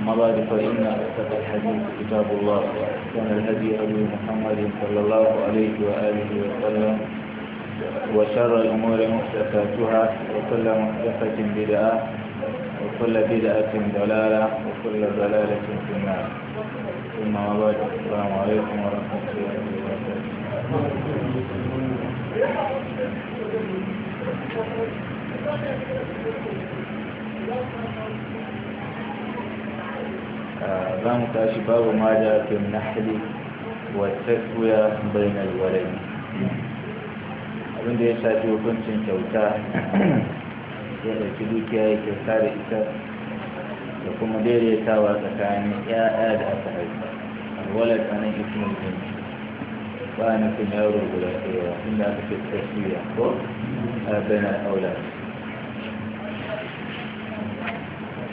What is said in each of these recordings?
أما بعد فإن أصدق الحديث كتاب الله وأحسن الهدي أبي محمد صلى الله عليه وآله وسلم وشر الأمور محدثاتها وكل محدثة بدعة وكل بدعة ضلالة وكل ضلالة في النار ثم بعد السلام عليكم ورحمة الله وبركاته Thank you. za mu tashi babu ma da fim nahli wa taswiya bainal walai abinda ya shafi hukuncin kyauta ya ɗauki dukiya ya kyauta da ita da kuma daidaitawa tsakanin ya'ya da aka haifa alwalar a nan ismul ba a nufin yaro guda ɗaya inda aka fi taswiya ko a bainar aulad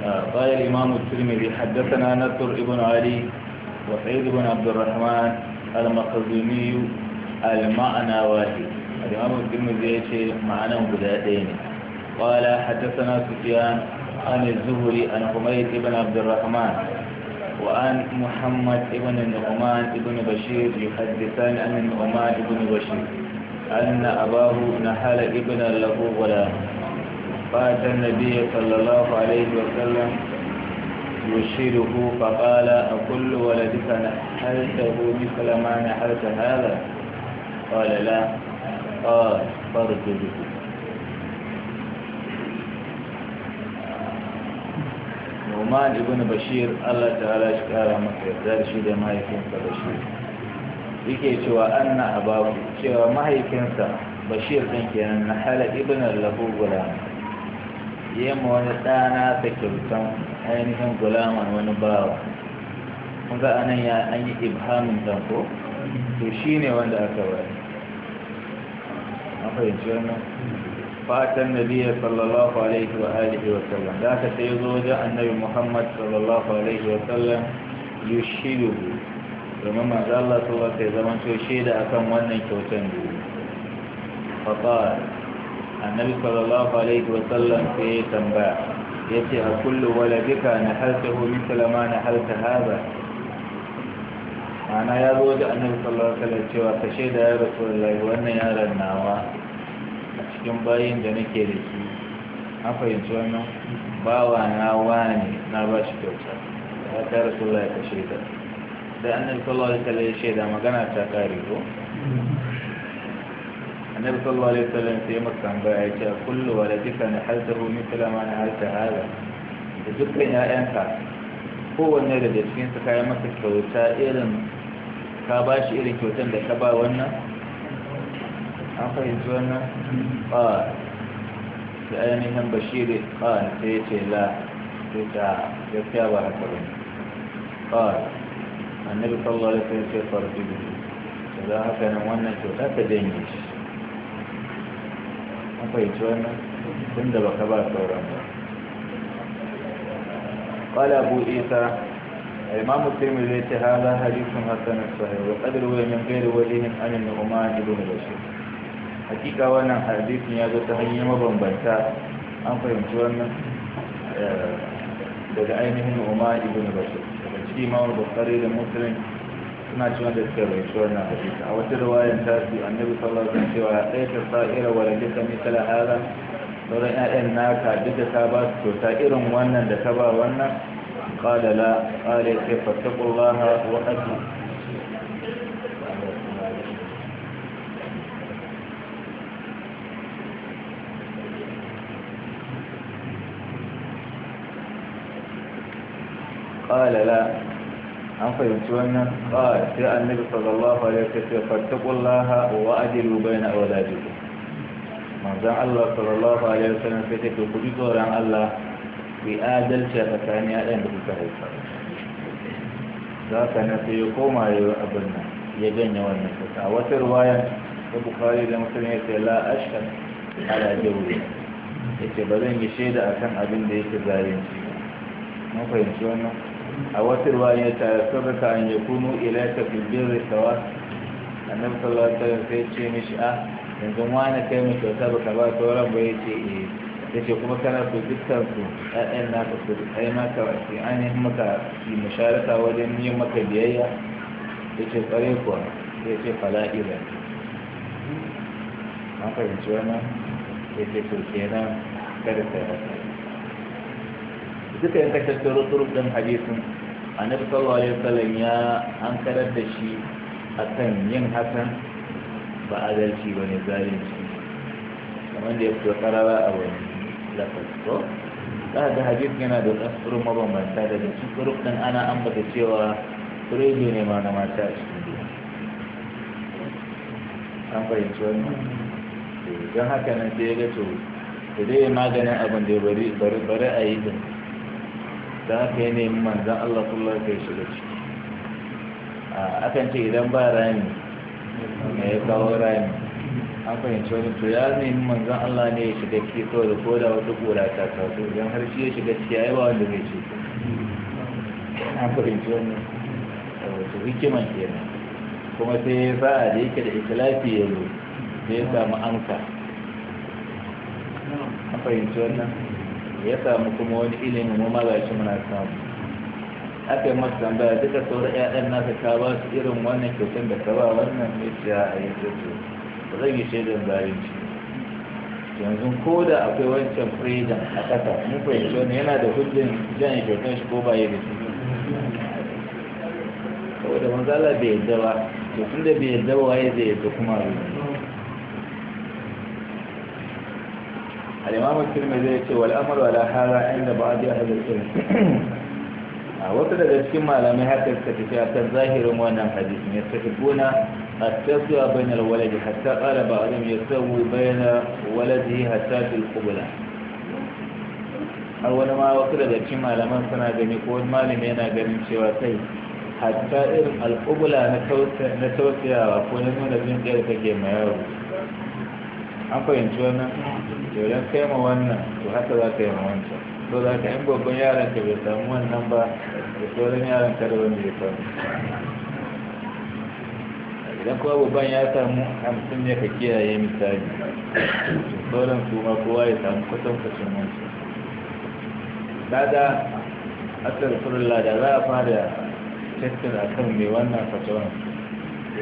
آه، قال الإمام الترمذي حدثنا نصر بن علي وسعيد بن عبد الرحمن المخزومي المعنى واحد الإمام الترمذي يشير معنى بدايتين قال حدثنا سفيان عن الزهري عن حميد بن عبد الرحمن وعن محمد بن النعمان بن بشير يحدثان عن النعمان بن بشير أن أباه نحل ابن له غلام فأتى النبي صلى الله عليه وسلم يشيره فقال أكل ولدك نحلته مثل ما نحلت هذا قال لا قال فارجده نومان ابن بشير الله تعالى شكرا مكتر شيء ما يكون بشير yake cewa anna ababu cewa mahaifinsa bashir ɗin kenan na hala ابن الله غلامه ya ma wani ɗana da kyautan ainihin gulaman wani bawa kun ga anan ya an yi ibhamin dan ko to shi ne wanda aka wani an fahimci wannan fatan nabiya sallallahu alaihi wa alihi wa sallam da aka sai zo wajen annabi muhammad sallallahu alaihi wa sallam yushidu domin manzo Allah sallallahu alaihi wa sallam sai zaman to shaida akan wannan kyautan biyu faqala annabi sallallahu alaihi wasallam sai ya tambaya ya ce a kullu waladika na haltahu misala ma na halta haza mana ya zo da annabi sallallahu alaihi wasallam cewa ka shaida ya rasu wallahi wannan yaron nawa a cikin bayin da nake da shi an fahimci wannan bawa na wani na ba shi kyauta ya ta rasu wallahi ka shaida da annabi sallallahu alaihi wasallam ya shaida magana ta kare ko النبي صلى الله عليه وسلم في مكة عنبائك كل ولدك نحلته مثل ما نحلت هذا ذكرنا أنت هو النبي الذي يتفين تكاية مكة كوتا إذن كاباش إذن كوتا لكبا ونا أخي يتوانا قال لأنهم بشير قال تيت لا تيت يتيا وحفرون قال النبي صلى الله عليه وسلم في صلى الله عليه وسلم فذا كوتا تدينيش faici wannan tunda baka ba sauran ba qala abu isa imam muslimi zai ce hada hadisun hasan sahih wa qadar wa min ghair walihin an an-nu'man ibn bashir hakika wannan hadisin ya zo ta hanyar mabambanta an fahimci wannan eh, daga ainihin umar ibn bashir daga cikin imam bukhari da muslim suna cewa da suka bai shi wannan hadisi a wata riwayar ta su annabi sallallahu alaihi wasallam cewa ɗaya ta sa'ira wa rajisa misala hada sauran ƴaƴan naka duk da ka ba su kyauta irin wannan da ka ba wannan qala la qala ya fattaqullaha wa atu قال لا an fahimci wannan ba sai annabi sallallahu alaihi wasallam fattaqullaha wa adilu baina awladikum manzon Allah sallallahu alaihi wasallam sai take ku ji tsoron Allah ku adalci tsakanin yayan da kuka haifa za ka na sai ya koma ya abin nan ya janye wannan kasa a wata ruwayan ta bukari da musulmi ya ce la ashkan ala jawri ya ce ba zan yi shaida akan abin da yake zalunci mun fahimci wannan a أو رواية ثبت أن يكونوا إليك fi البر سواء النبي صلى الله عليه sai ce mishi a yanzu wani kai mu kyauta ba ka ba sauran ba ya ce eh ya ce kuma kana so dukkan su na naka su ai maka an yi maka yi musharaka wajen yin maka biyayya ya ce tsare ko ya ce fala'ira an fahimci wannan ya ce to kenan kada ka yasa duka yanka tattaro turuk ɗin hadisin annabi sallallahu alaihi wasallam ya an da shi akan yin hakan ba adalci ba ne zalunci kamar da ya fito karara a wani lafasko za ga hadis yana da tsarin mabambanta da da cikin ɗin ana ambata cewa kurege ne ma na mata a cikin biyu an fahimci wannan eh, don haka nan sai ya ga to da dai maganin abin da ya bari a yi din da aka yi neman manzan Allah sallallahu alaihi shiga ciki a akan ce idan ba rami me ya kawo rami an fahimci wani to ya nemi manzan Allah ne ya shiga ciki kawai da ko da wata kura ta kawo idan har shi ya shiga ciki yi ba wanda zai ce an fahimci wani wato hikiman kenan kuma sai ya sa da yake da ikilafi ya zo sai ya samu amsa an fahimci wannan ya samu kuma wani ilimi mu ma shi muna samu aka yi masu tambaya duka sauran ƴaƴan nasa ka ba su irin wannan kyautan da ka ba wannan ne ce a yi kyautu ba zan yi shaidan zalunci yanzu ko da akwai wancan freedom a ƙasa mun fahimci wani yana da hujjin jan kyautan shi ko ba yi da shi saboda manzala bai yadda ba to tun da bai yadda ba waye zai yadda kuma a الإمام الترمذي والأمر ولا حال عند بعض أهل العلم آه، وكذا دسكين ما لم يهتف كتفيات الظاهر موانا الحديث يستحبون التسوى بين الولد حتى قال بعضهم يسوى بين ولده حتى في القبلة أول ما وكذا دسكين ما لم يسنى جميع قول ما لم ينا جميع شواتي حتى إرم القبلة نتوسيا وفنزم نبين كيف كيما يارو أنكو ينشونا yaudan kai ma wannan to haka za ka yi ma wancan so za ka yi babban yaran ka bai samu wannan ba da sauran yaran ka da wanda ya samu idan kuma babban ya samu hamsin ne ka kiyaye misali sauran su ma kowa ya samu kwatankwacin wancan kaga asar furulla da za a fara cikin a kan mai wannan fatawan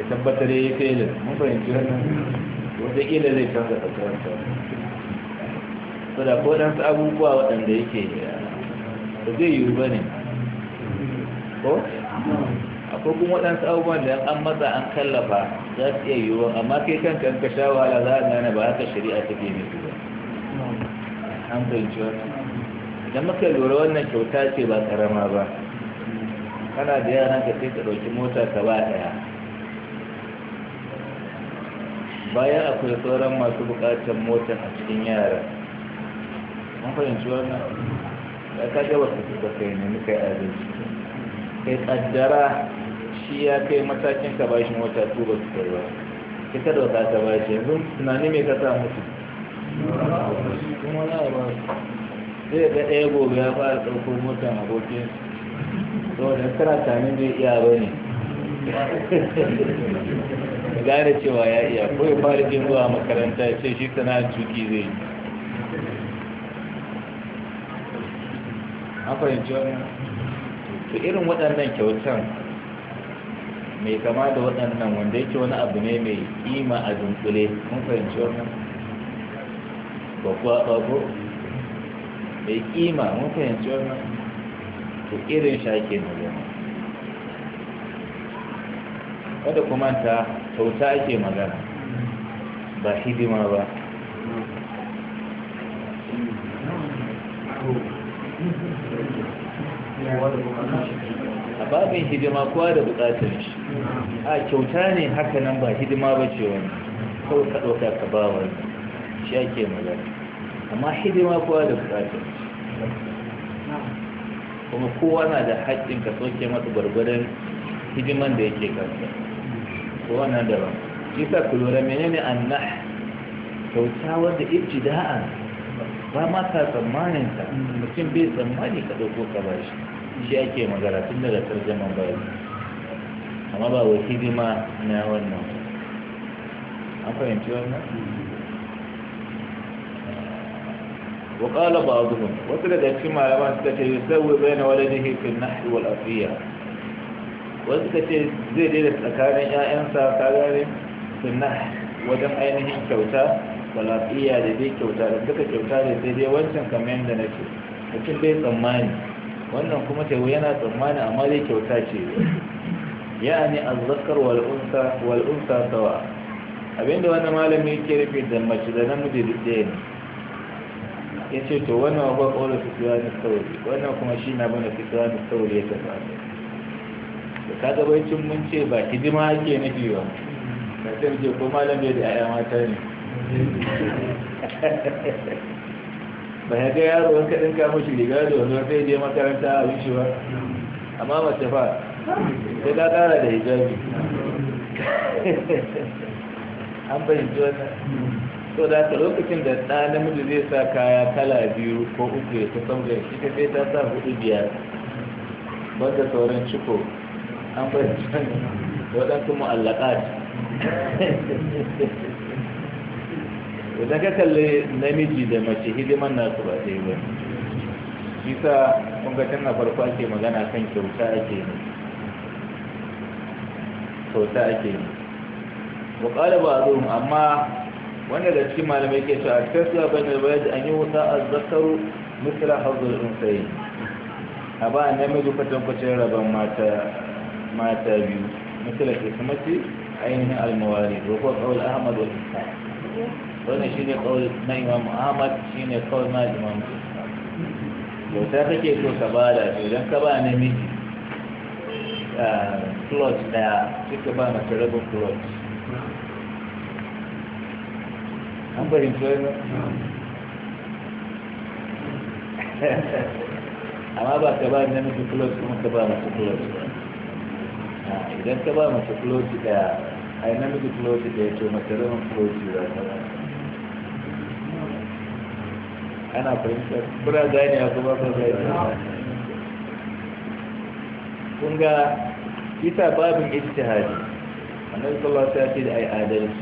ya tabbatar ya yi felin mun fahimci wannan wata ƙila zai canza fatawan saboda ko dan abubuwa waɗanda yake da zai yiwu ba ne ko akwai kuma waɗansu abubuwan da an matsa an kallafa za su iya yiwuwa amma kai kanka ka sha wahala za a gane ba haka shari'a ke mai ba an fahimci wata. idan muka lura wannan kyauta ce ba karama ba kana da yaran ka sai ka ɗauki mota ka ba ɗaya bayan akwai sauran masu buƙatar motar a cikin yara an fahimci wannan ya ka ga wasu suka kai ne muka yi adalci kai kaddara shi ya kai matakin ka bashi wata tuba su kai ba kai kada wata ka bashi yanzu tunani mai ka sa musu kuma na ba zai ga ɗaya gobe ya fara ɗauko mota motan abokin saboda kana tamin zai iya ba ne gane cewa ya iya ko ya fara jin zuwa makaranta ce shi sana tuki zai yi an to irin waɗannan kyautan mai kama da waɗannan wanda yake wani abu ne mai ƙima a dunkule mun fahimci wannan ba kuwa ɓago mai ƙima mun fahimci wannan to irin shaƙe na zama wadda kuma ta kyauta ake magana ba hidima ba a babin hidima kowa da bukatar shi a kyauta ne haka nan ba hidima ba ce wani kawai ka ɗauka ka ba wani shi ake magana amma hidima kowa da bukatar kuma kowa na da haƙƙin ka soke masa gwargwadon hidiman da yake kansa kowa na da ba shi sa ku lura menene annah kyauta ji da'a ba ma ka tsammanin mutum bai tsammani ka ɗauko ka ba shi shi ake magana tun daga tarjaman bayan amma ba wai hidima na wannan an fahimci wannan وقال بعضهم وسلد كما لما سكت يسوي بين ولده في النحل والأفية وسكت زي دي لسكان يا انسى كغاري في النحل وجم عينهم كوتا والأفية دي كوتا لذلك كوتا دي دي وانشن كمان دي نشي لكن دي ثماني wannan kuma taiwo yana tsammani amma dai kyauta ce ya ne a zakar wal'unsa sawa abinda wani malami ke rufe da mace da namiji duk ɗaya ne ya ce to wannan wa ba ƙaunar fitowani sauri wannan kuma shi na bane fitowani sauri ya tafa da ka gabacin mun ce ba hidima ake nufi ba ka ce ko malam bai da 'ya'ya mata ne ba ya ga yaro an kaɗin dinka shi riga da wani wata je makaranta a wuce ba amma mace fa sai ta kara da hijabi an fahimci wannan so da ta lokacin da ɗa namiji zai sa kaya kala biyu ko uku ya ta sauka shi ta sai ta sa hudu biyar wanda sauran ciko an fahimci wannan waɗansu mu'allaka idan ka kalli namiji da mace hidiman nasu ba ɗaya ba shi sa kuma tun na farko ake magana kan kyauta ake ne kyauta ake ne ba ƙala ba zuwa amma wanda da cikin malamai ke cewa kasuwa ba ne ba yadda an yi wuta a zakaru misra in sai. a ba namiji kwatankwacin rabon mata biyu ke misra kismati ainihin almawari wa kuwa kawul ahmad wa wannan shine kawai na imam ahmad shine kawai na imam bauta kake so ka ba da idan ka ba namiji plot daya suka ba mace rabin plot an fahimci wani amma ba ka ba namiji plot kuma ka ba mace plot idan ka ba mace plot daya a yi namiji plot daya to mace rabin plot daya ana fahimtar kuna gane a kuma ba gane kun ga ita babin ijtihadi annabi sallallahu alaihi wasallam ya ce da ai adalci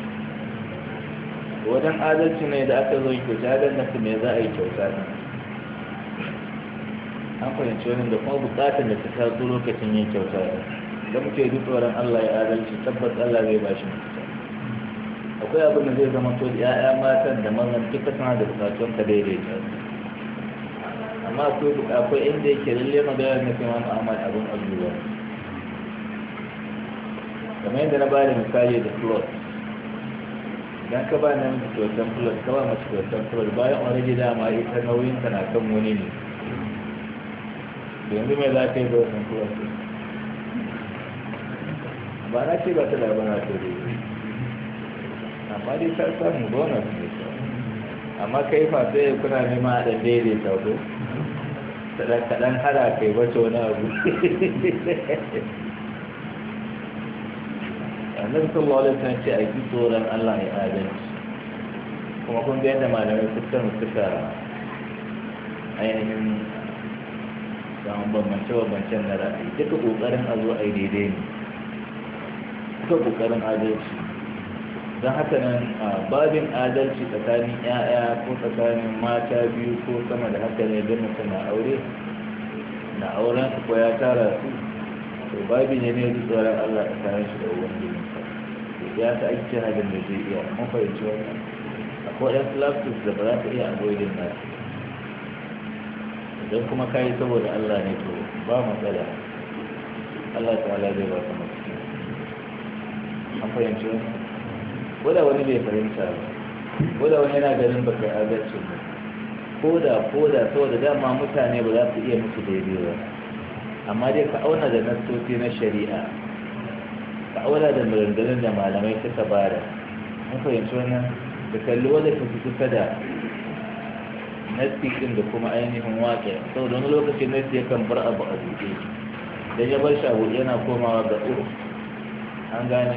wajen adalci ne da aka zo kyauta dan nasu me za a yi kyauta ne? an fahimci wani da kuma bukatar da ta taso lokacin yin kyauta da muke duk wajen Allah ya adalci tabbas Allah zai bashi mu. akwai abin da zai zama to ya'ya matan da mazan duka suna da bukatun ka daidai ta amma akwai akwai inda yake lalle magana na kai wani amma abin alluwa. kamar yadda na bada misali da plot idan ka ba mace kyautan plot ka ba mace kyautan plot bayan already dama ita nauyin ta na kan wani ne yanzu mai za ka yi kyautan plot ba na ce ba ta labara ce amma dai ta samu bonus ne amma kai fa sai kuna nema a ɗan daidaita ko kaɗan hada kai wace wani abu annabi sallallahu alaihi wasallam ce a yi tsoron Allah ya adalci kuma kun ga yadda malamai suka suka ainihin samun bambance bambancen na ra'ayi duka kokarin a zo a yi daidai ne duka kokarin adalci don haka nan babin adalci tsakanin 'ya'ya ko tsakanin mata biyu ko sama da haka ne don mutum na aure na auren su ko ya tara su to babin ya ne zuwa ran allah tsarin shi da ta, ya ta ake halin da zai iya fahimci wannan akwai ɗan lapsus da ba za ta iya avoidin na idan kuma ka yi saboda allah ne to ba matsala allah ta ala zai ba ka matsala an fahimci wani. ko da wani bai fahimta ba ko da wani yana ganin baka adalci ba ko da ko da saboda dama mutane ba za su iya musu daidai ba amma dai ka auna da nasoci na shari'a ka auna da maganganun da malamai suka bada mun fahimci wannan da kalli wanda ta fi kusa da nasi ɗin da kuma ainihin waƙe saboda wani lokacin nasi yakan bar abu a buɗe dan ya bar shi a buɗe yana komawa ga tsoro an gane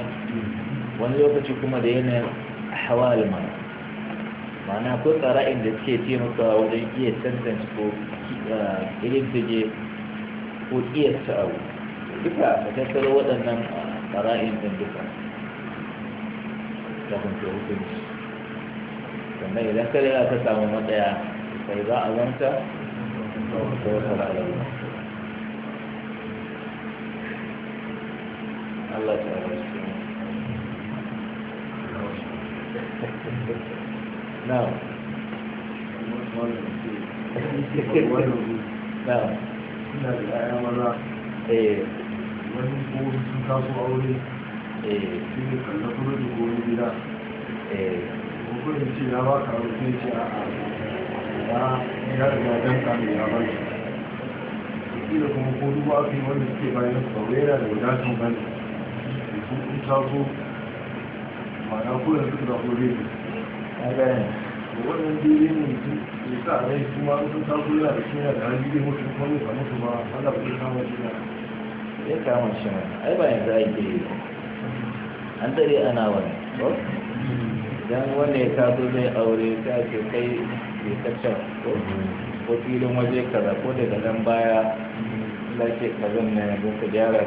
wani lokaci kuma da yanayin hawal ma ma'ana ko tsara'in da suke taimakawa wajen iya tantance ko ilimtige ko iya sa'awu duka a tattara waɗannan tsara'in ɗin duka ta kunce hukunci sannan idan kare za ta samu matsaya sai za a zanta ta wata ra'ayi Allah ta rasu نعم نعم suna da ƴaƴa maza wani ko sun taso aure shi ne kalla kuma da ko wani gida ko kuma ce ya ba ka aure sai ce a'a ya ya riga dan ka ne ya ba shi kila kuma ko duba aka yi wanda suke bayan su aure yana da wadatar bane su kun ma'ana kula su da kore ne ya gane da wannan jirgin ne ya sa a rai kuma sun ta kula da shi da hannu da mutum kuma ya samu su ba ba zai kama shi na ya kama shi ma ai ba yanzu ake yi an dare ana wani ko idan wani ya taso zai aure ta ce kai ke kacce ko ko filin waje kaza ko daga nan baya lafiya kazan na yanzu ka gyara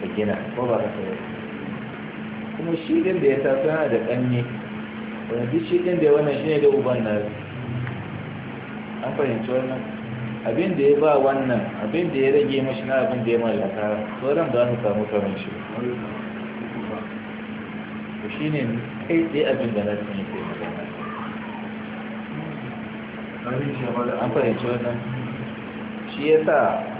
ka gina ko ba ka sai kuma shi din da ya taso yana da ƙanne wani duk shi din da ya wannan shi ne da uban na an fahimci wannan abin da ya ba wannan abin da ya rage mashi na abin da ya mallaka sauran ba su samu kamar shi to shi ne kai tsaye abin da na sun yi kai magana an fahimci wannan shi ya sa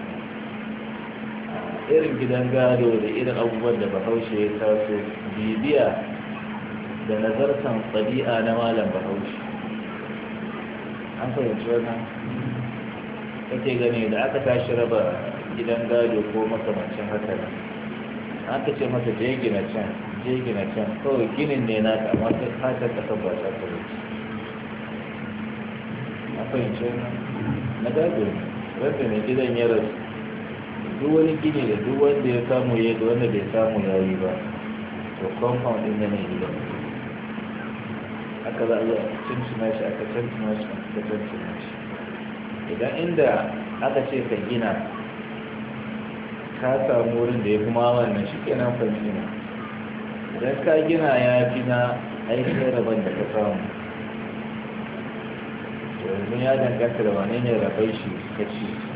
irin gidan gado da irin abubuwan da bahaushe ya taso bibiya da nazartan tsadi'a na malam bahaushe an fahimci wannan kake gani da aka tashi raba gidan gado ko makamancin haka ne aka ce masa je gina can je gina can kawai ginin ne na kama ta fata ta kan ba ta kare an fahimci wannan na gado ne wanda ne gidan ya rasu duk wani gini da duk wanda ya samu ya da wanda bai samu ya yi ba to compound din yana yi ba aka za a yi a cancina shi aka cancina tunashi aka cancina tunashi idan inda aka ce ka gina ka samu wurin da ya kuma wannan shi fanci na idan ka gina ya fi na aikin rabon da ka samu yanzu ya danganta da wane ne rabai shi ka ci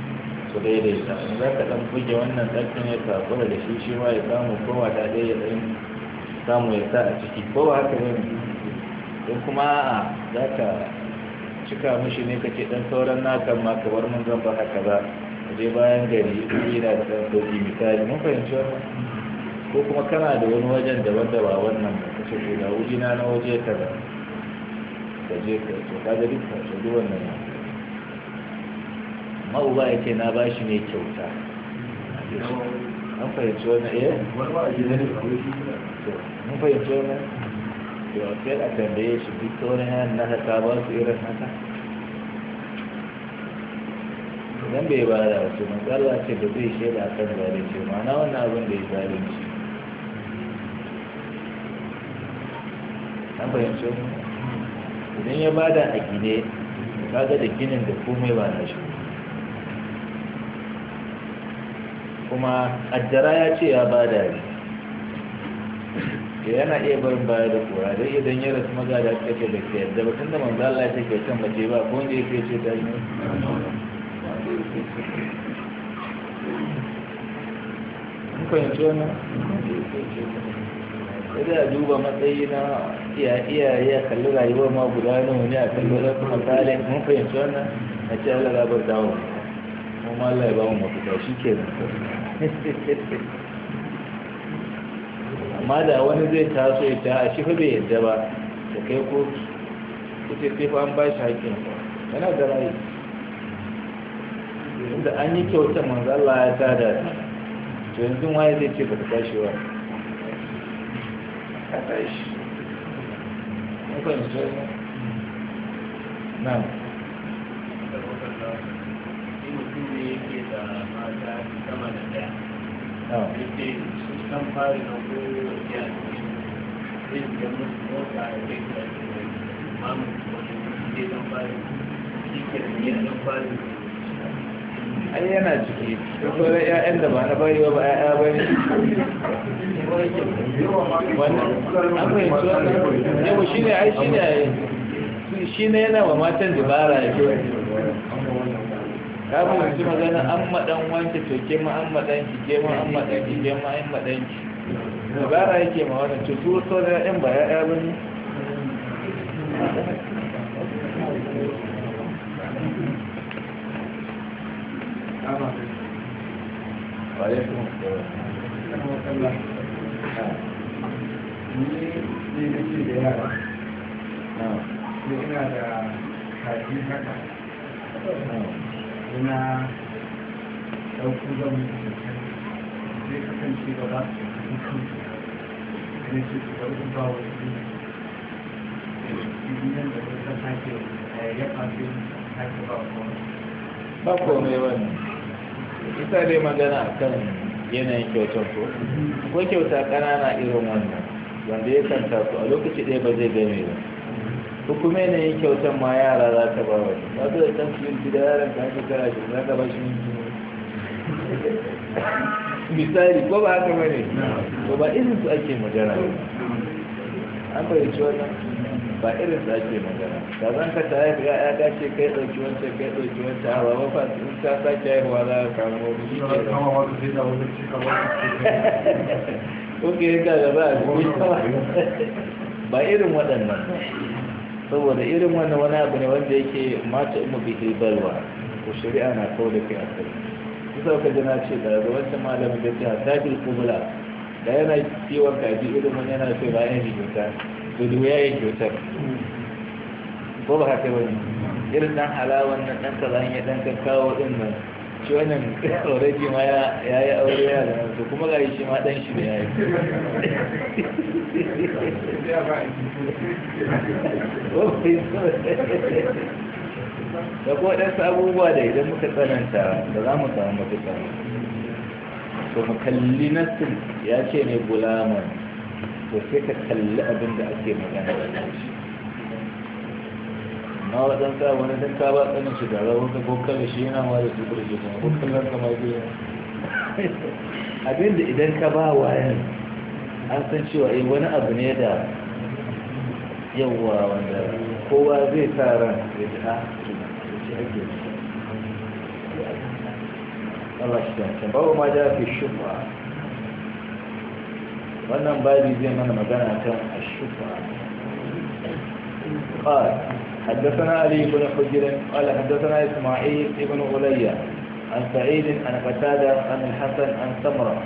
ku daidaita in za ka ɗan buge wannan ɗan ya takura da shi shi ma ya samu kowa da ɗaya ya ɗan samu ya sa a ciki kowa haka ne ko kuma a za ka cika mishi ne ka ce ɗan sauran naka ma ka bar mun zan ba haka ba ka je bayan gari yana da ɗan sauƙi misali mun fahimci wannan ko kuma kana da wani wajen daban wanda ba wannan ba ka ce ko da wuji na waje ka ba ka je ka ce ka ga duk ka ce duk wannan mawuwa uba ya ce na bashi ne kyauta an fahimci wani iya? Eh? mun fahimci wani yau sai a tambaye shi duk ta wani hanyar na haka ba su irin haka idan bai ba da wasu matsala ce da zai shaida a kan zalunci mana wannan abin da ya zalunci an fahimci wani idan ya bada a gine kaga da ginin da komai ba na shi kuma ajjara ya ce ya ba da ne yana iya barin baya da kura dai idan ya rasu maza da suka ce da ke yadda ba tun da manzan Allah ya ke kan mace ba ko wanda ya ce ce ta yi fahimci wannan sai a duba matsayi na iyaye a kalli rayuwar ma guda nawa ne a kalli wasu misali mun fahimci wannan a ce Allah ya bar dawo kuma Allah ya ba mu mafi shi ke nan amma da wani zai taso ya ta a shifa bai yadda ba da kai ko kuce sai an ba shi haƙƙin yana da rayu inda an yi kyauta manzo Allah ya da ta to yanzu waye zai ce ba ta tashi ba ka tashi na yake da mata sama da daya oh. yake sun san fari na koyarwa ya ce musu mota a mamu wani shi ke da ai yana ciki da 'ya'yan da ba na bari ba ba wannan yau shi ne ai shi ne yana wa matan dubara ya fi ka fahimci magana an maɗan wanke to ke an maɗan ki ke ma an maɗan ki ke ma an maɗan ki dabara yake ma wannan to su so da ƴan ba ƴaƴa ba ne ni na ɗauko zan zai kasance ba za su yi kansu ne su su ɗauko ba wasu idan da wata sake ya fafi sake ba komai ba komai ba ne ita dai magana a kan yanayin kyautar ko akwai kyauta ƙanana irin wannan wanda ya kanta su a lokaci ɗaya ba zai game ba hukume ne yanayin kyautan ma yara za ta ba wani ba su da can su yin gida yaran ka ake kara shi za ka ba shi yin misali ko ba haka bane ko ba irin su ake magana an bayyace wannan ba irin su ake magana ka zan ka ta haifi ya dace kai ɗauki wancan kai ɗauki wancan a baba fa in ka sake haihuwa za ka kamo shi ke da kama wata sai da wani cika wani ko ke ga gaba a ba irin waɗannan saboda irin wannan wani abu ne wanda yake mata umu bi balwa ko shari'a na kawo da kai kai, kusa ka jana ce da ga wancan malamin da ta tafi kubula da yana kiwon kaji irin wani yana so bayan yi kyauta to da ya yi kyautar ko ba haka wani irin dan halawan na dan kaza ya dan kakkawo din nan shi wannan already ma ya yi aure ya da to kuma ga shi ma dan shi ne ya yi da kuma abubuwa da idan muka tsananta da za mu samu mafita to mu kalli nassin ya ce ne gulaman to sai ka kalli abin da ake magana da shi amma waɗansa wani ɗan ka ba tsanin shi da rawar ka ko kala shi yana ma da su burge kuma ko kallon ka ma biyu abinda idan ka ba wa an san cewa yi eh, wani abu ne da yawwa wanda kowa zai sa ran ya ji ha ah, shi ake Allah shi ta babu ma da fi shufa wannan babi zai mana magana kan shufa قال حدثنا علي بن حجر قال حدثنا إسماعيل بن غليا عن سعيد عن قتادة عن الحسن عن سمرة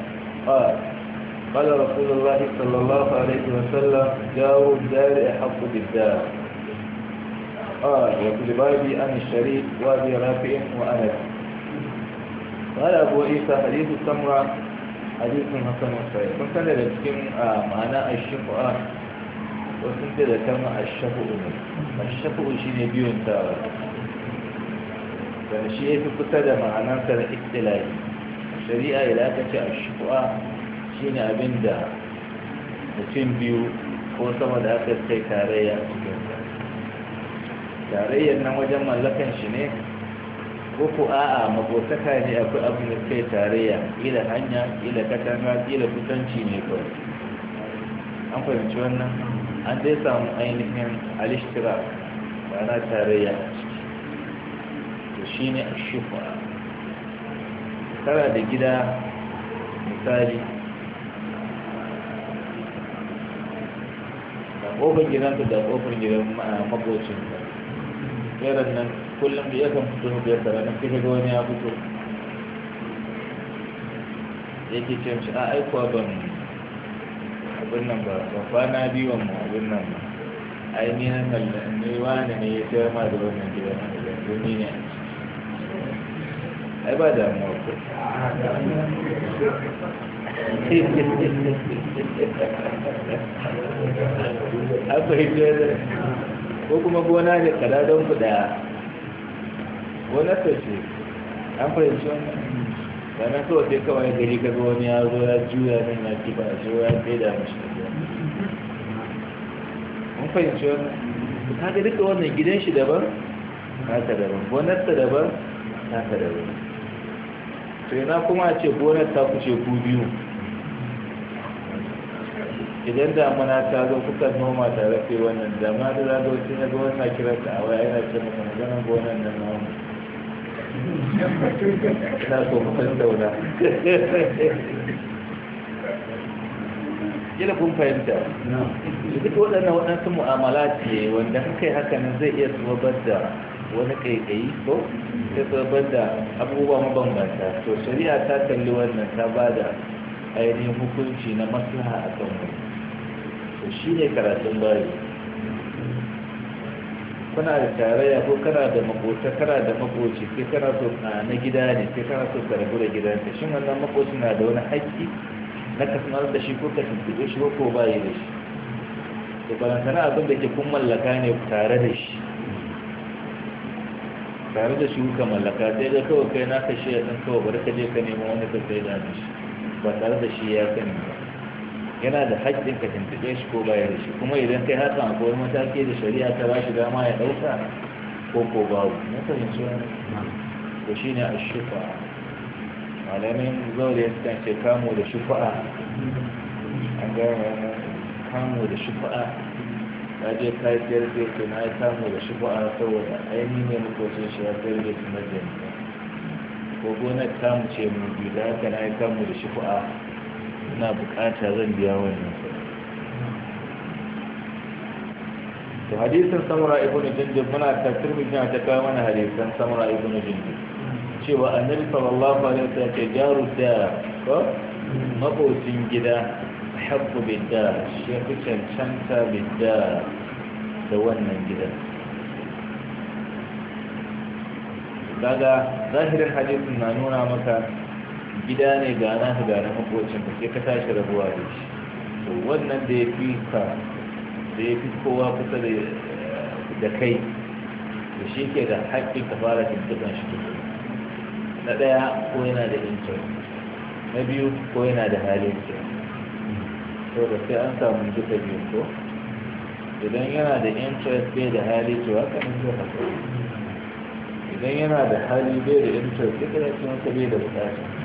قال قال رسول الله صلى الله عليه وسلم جار الدار أحق بالدار قال وفي بابي أن الشريف وابي رافع وأنس قال أبو عيسى حديث سمرة حديث حسن وسعيد كنت لدى معنى الشفعة wasu ke da kama a shafi'u ne a shafi'u shi ne biyun tawa don shi ya fi kusa da ma'anansa da ikilai shari'a ya lakace a shafi'a shi ne abin da mutum biyu ko sama da aka kai tarayya a cikin tarayyar nan wajen mallakan shi ne ko ko a'a magotaka ne akwai abin da kai tarayya ila hanya ila katanga ila kusanci ne kawai an fahimci wannan an dai samu ainihin alishtira ma'ana tarayya Da shi ne a shufa tara da gida misali da ƙofar gidanka da ƙofar gidan makocin yaran nan kullum da yakan fito biyar da ranar kika ga wani ya fito yake cewa a aikuwa ban abin nan ba babba na bi wa mu abin nan ba ainihin mallan ne wani ne ya sayar ma da wannan gidan a gidan domin ne ai ba da mu ko akwai jere ko kuma gona ne kada don gona ta ce an fahimci wannan ranar kawai sai kawai gari ka ga wani ya zo ya juya min na kifa a shi ya fi da mashi mun fahimci wannan ka ga duka wannan gidan shi daban nasa daban gonarsa daban nasa daban to yana kuma a ce gonar ta kuce ku biyu idan damuna ta zo kuka noma tare sai wannan ma da zago sai na ga kira ta a waya yana ce maka ganin gonar nan namu na so kusan dauna kila kun fahimta duk waɗannan waɗansu mu'amala ce wanda haka yi haka nan zai iya sababar da wani ƙaiƙayi ko ta sababar da abubuwa mabambanta to shari'a ta kalli wannan ta ba da ainihin hukunci na maslaha a kan wani to shi ne karatun bayan kuna da tarayya ko kana da makota kana da makoci sai kana so na gida ne kai kana so ka rabu da gidanka shin wannan makoci na da wani haƙƙi na ka sanar da shi ko ka tuntuɓe shi ko ba yi da shi to balantana abin da ke kun mallaka ne tare da shi tare da shi kuka mallaka sai ga kawai kai na shi ya san kawai bari ka je ka nemo wani ka sai da shi ba tare da shi ya sani ba yana da haƙƙin ka tuntuɓe shi ko bayar shi kuma idan kai haka akwai mataki da shari'a ta ba shi dama ya ɗauka ko ko babu na fahimci wani to shi ne a shufa malamin zaure sukan ce kamo da shufa an gane kamo da shufa'a ya je kafiyar zai ce na yi kamo da shufa'a saboda ainihin ne mutuncin shi ya zai su na jami'a ko gonar kamu ce mu biyu da haka na yi kamo da shufa'a na bukata zan biya wannan to hadisin samura ibn jinjin muna ta turmi ta kawo mana hadisin samura ibn jinjin cewa annabi sallallahu alaihi wasallam ce jaru da ko mabocin gida habbu bidda shi fi cancanta bidda da wannan gida. daga zahirin hadisin na nuna maka gida ne ga naka ga na makocin ka ke ka tashi rabuwa da shi to wannan da ya fi ka da ya fi kowa kusa da kai da shi ke da haƙƙin ka fara tuntuɓar shi na ɗaya ko yana da intanet na biyu ko yana da halin kyau to da sai an samu duka biyu ko idan yana da interest bai da hali to haka ne zai haka idan yana da hali bai da interest duka da kuma bai da bukata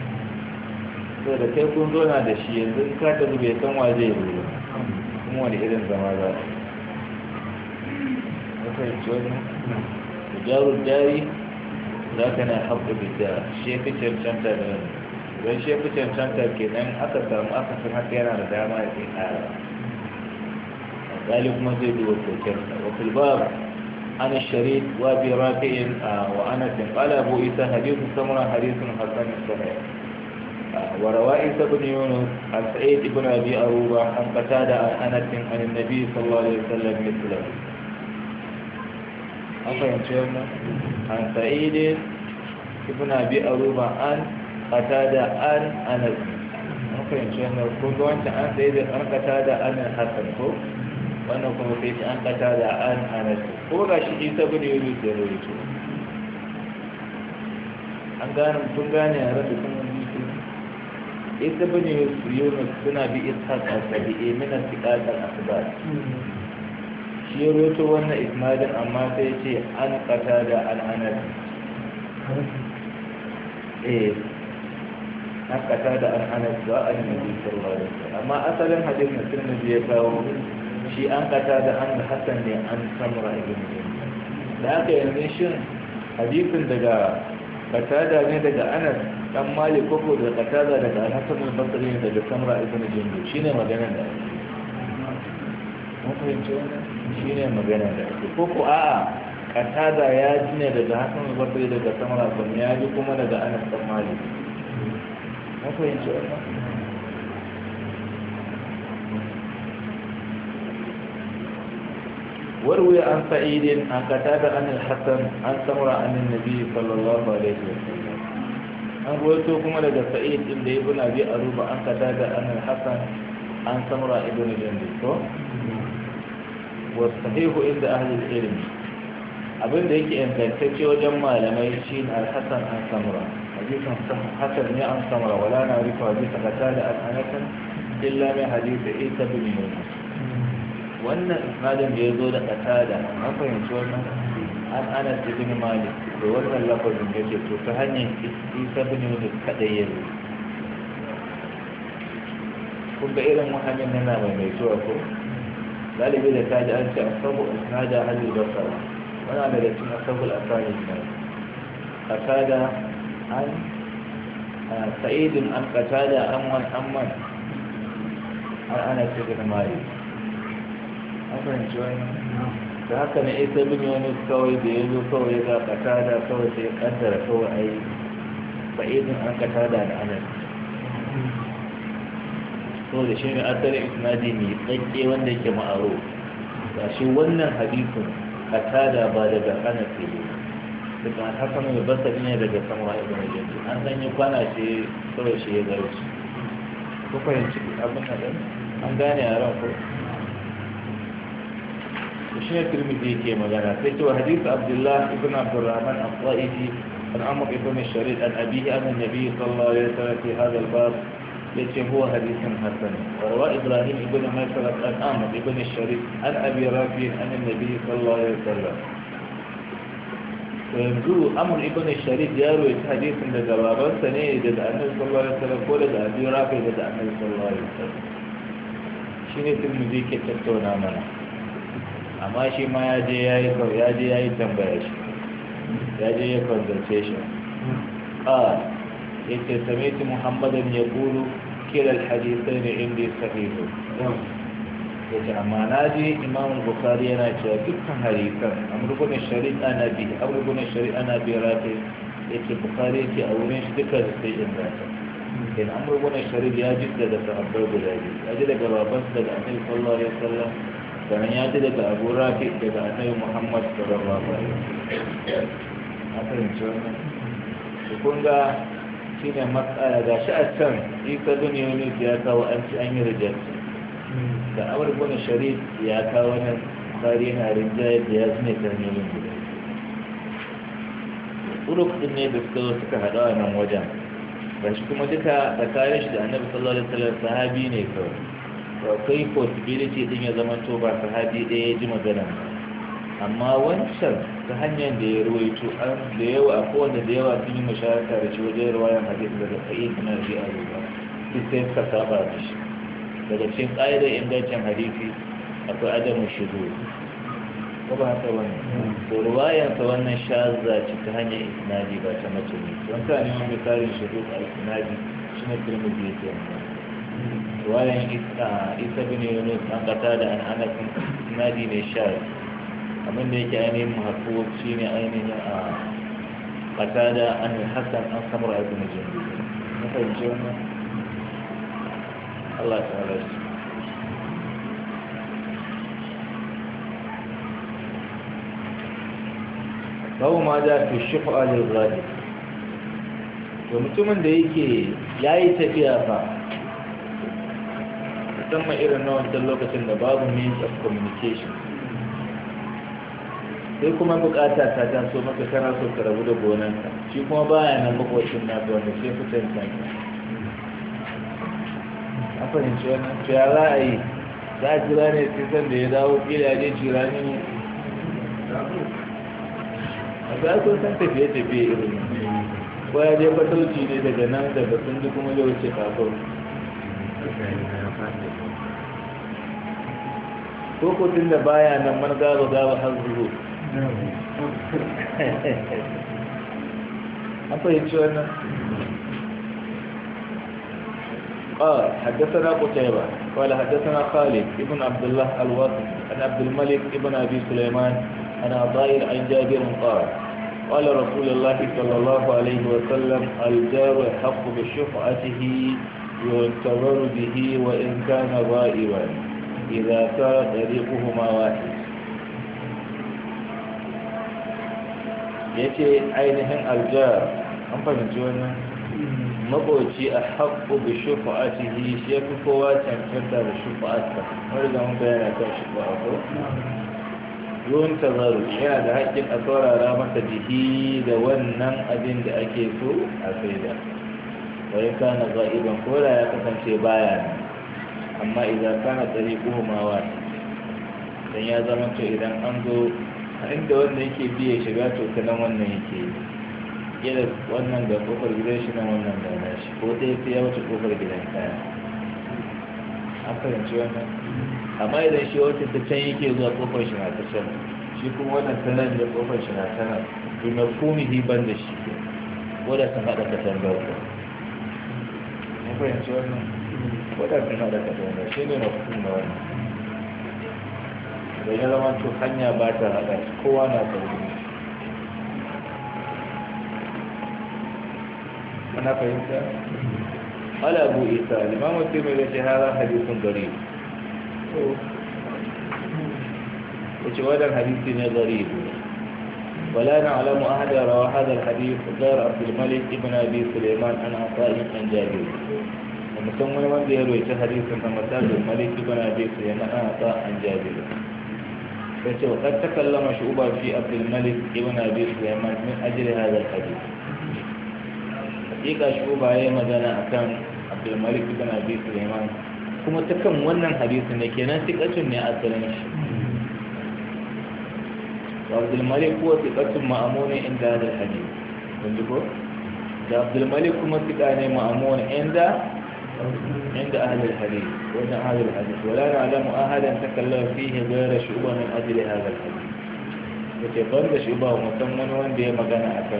sai da kai kun zo na da shi yanzu ka ta bai san wa zai yi kuma wani irin zama za su mafarci wani da jaru dari za ka na haɓu bidda da shefi fi cancanta da wani don shefi ya fi cancanta ke nan aka samu aka san haka yana da dama ya sai ƙara misali kuma zai duba kokensa wa filbar عن الشريك وابي رافع وانا قال ابو عيسى حديث سمره حديث حسن الصحيح وروائس بن يونس عن سعيد بن أبي أروبة عن قتادة عن أنس عن النبي صلى الله عليه وسلم مثله أفهم شيئا عن سعيد بن أبي أروبة عن قتادة عن أنس أفهم شيئا كنت وانت عن سعيد عن قتادة عن الحسن wannan kuma كنت ta عن kata da an هو ko ga shi isa bin yunus da rawaito an gane ita bane yunus suna bi ishaq al-sabi'i min al-thiqat al-akhbar shi ya roto wannan isnadin amma sai ce an kata da al-anas eh an kata da al-anas ba an nabi sallallahu alaihi wasallam amma asalin hadisin sun nabi ya kawo shi an kata da an hasan ne an samra ibn da aka yanzu shin hadisin daga kata da ne daga anas dan malik koko da katada daga alhassan al-basri ne daga samra ibn jundub shine magana da ake fahimci wannan shine magana da koko a a katada ya jine daga hassan al-basri daga samara ibn ya ji kuma daga anas dan malik mun fahimci wannan وروي عن سعيد عن قتادة عن الحسن عن سمرة عن النبي صلى الله عليه وسلم an goyato kuma daga sa'id din da ibn abi aruba an kada da an hasan an samra ibn jandi to wa sahihu inda ahli ilmi abin da yake ingantacce wajen malamai shine al-hasan an samra hadisin hasan ne an samra wala na rifa bi sakata da al-anakan illa mai hadisi ita bin yunus wannan isnadin da ya zo da katada an fahimci wannan an ana ibn mali da wannan lafazin yake to ta hanyar isa bin yunus kadai ya zo kun ga irin wahannin nana mai mai zuwa ko galibi da ta ji an ce asabu asada hajji da sawa wana daga cikin asabul asali ne asada an sa'idin an qatada an man an man an ana ibn mali. an fahimci wannan da haka na ita bin yunus kawai da ya zo kawai ya ga katada kawai sai kaddara kawai a yi izin an katada da anas so da shi ne asalin isnadi mai tsakke wanda yake ma'aro ga shi wannan hadisin katada ba daga anas ya yi daga hasan mai basa ne daga samuwa ibn jaddi an san yi kwana ce kawai shi ya zaro shi ko fahimci abin nan an gane a ran ko شنو الترمذي كي مغانا فيتو حديث عبد الله ابن عبد الرحمن الطائفي عن عمر ابن الشريد عن أبيه عن النبي صلى الله عليه وسلم في هذا الباب ليش هو حديث حسن وروى إبراهيم ابن ميسرة عن عمر ابن الشريد عن أبي رافع عن النبي صلى الله عليه وسلم yanzu عمر ابن الشريد يروي حديث من الجواب daga babansa ne صلى الله عليه وسلم wasallam ko daga abi rafi daga annabi sallallahu alaihi wasallam shine tilmizi ke tattauna mana amma shi ma ya je ya yi kawai ya je ya yi tambaya shi ya je ya shi a ya ce consultation قال إذ سمعت محمدا يقول كلا الحديثين عندي ya ce amma na je imamun bukari yana cewa dukkan harikan amurkun shari'a na bi amurkun shari'a na biyu rafi ya ce bukari ya ce a wurin shi duka da sai in rafi in amurkun shari'a ya ji daga sahabbai guda biyu ya ji daga babansa daga annabi sallallahu alaihi wasallam sannan ya ji daga abu rafi daga annabi muhammad sallallahu alaihi wasallam a fahimci wannan kun ga shi ne matsala ga shi a can ka duniya ne ya kawo an ci an yi rijanci da amur gona sharif ya kawo nan tsari na rinjaye da ya zune ta ne yin guda turuk din ne da suka suka haɗa a nan wajen ba shi kuma duka tsakanin shi da annabi sallallahu alaihi wasallam sahabi ne kawai akwai possibility din ya zama to ba sahabi ɗaya ya ji magana amma wancan ta hanyar da ya ruwaito an da yawa a kowane da yawa sun yi masharaka da shi wajen ruwayan hadis daga sa'id na ji a ruwa duk sai suka saba da shi daga cikin ƙa'idar ingancin hadisi akwai adamu shigo ko ba haka wani hmm. to ruwayan ta wannan shazza ce ta hanyar isnadi ba ta mace ne don ta neman misalin shigo a isnadi shi ne turmi da yake ولن إسا بن يونس أن قتال أن أنس نادي للشارع أمن ليك أني محفوظ شيني أيني آه، قتال أن الحسن أن سمرة بن جندي مثل جنة الله تعالى babu ma za fi shifu alil gadi to mutumin da yake ya tafiya fa musamman irin na wancan lokacin da babu means of communication sai kuma bukata ta taso maka kana so ka rabu da gonanka shi kuma baya nan makwacin na wanda sai ku cancanta an fahimci wannan to ya za a yi za a jira ne sai san da ya dawo kila jira ne a za ku san tafiye-tafiye irin ko ya je fatauci ne daga nan daga sun ji kuma zai wuce kasuwa ko ko baya nan man gaba gaba har zuwa wannan قال حدثنا قتيبة قال حدثنا خالد ابن عبد الله الواسط عن عبد الملك ابن أبي سليمان عن عطائر عن جابر قال قال رسول الله صلى الله عليه وسلم الجار حق بشفعته ينتظر به وإن كان غائبا إذا كان طريقهما واحد yace ainihin aljar an fahimci wannan makoci a haƙƙo da shufa'atihi shi ya fi kowa cancanta da shufa'atka wani zama bayana kan shufa'a ko yun tazaru yana da haƙƙin a saurara masa jiki da wannan abin da ake so a saida wani ya kasance baya ne amma idan kana tsari kuma ma wa dan ya zama to idan an zo a inda wanda yake biye shiga to kana wannan yake yana wannan da kofar gidan shi nan wannan na shi ko dai sai ya wuce kofar gidan kaya a fahimci wannan amma idan shi wacce ta can yake zuwa kofar shi na ta can shi kuma wannan tana da kofar shi na ta nan kuma mafhumihi ban da shi ko da sun haɗa katangar ko. Mun fahimci wannan. ولم يملك دون شيء مفهوم وانا بينما لما تخنيا بعد هذا كوانا تقول أنا فهمت قال أبو إيسا لما مسلم إلى هذا الحديث غريب وش هذا الحديث ضريب ولا نعلم أحد روى هذا الحديث غير عبد الملك بن أبي سليمان عن عطاء عن جابر mutum wani wanda ya roci hadisin na masalin maliki bana bai su yana ana ta an jabiru ya ce wa kan takallama shu'uba fi abdul malik ibn abi sulaiman min ajli hadha al-hadith hakika shu'uba yayi magana akan abdul malik ibn abi sulaiman kuma ta kan wannan hadisi ne kenan sikatun ne asalin shi abdul malik huwa sikatun ma'amunin inda hadha al-hadith kun ji ko da abdul malik kuma sika ne ma'amunin inda عند أهل الحديث وإن أهل الحديث ولا نعلم أحدا تكلم فيه غير شعبة من أجل هذا الحديث وكيفان ده شعوبة ومتمن وان بيه مغانا أكثر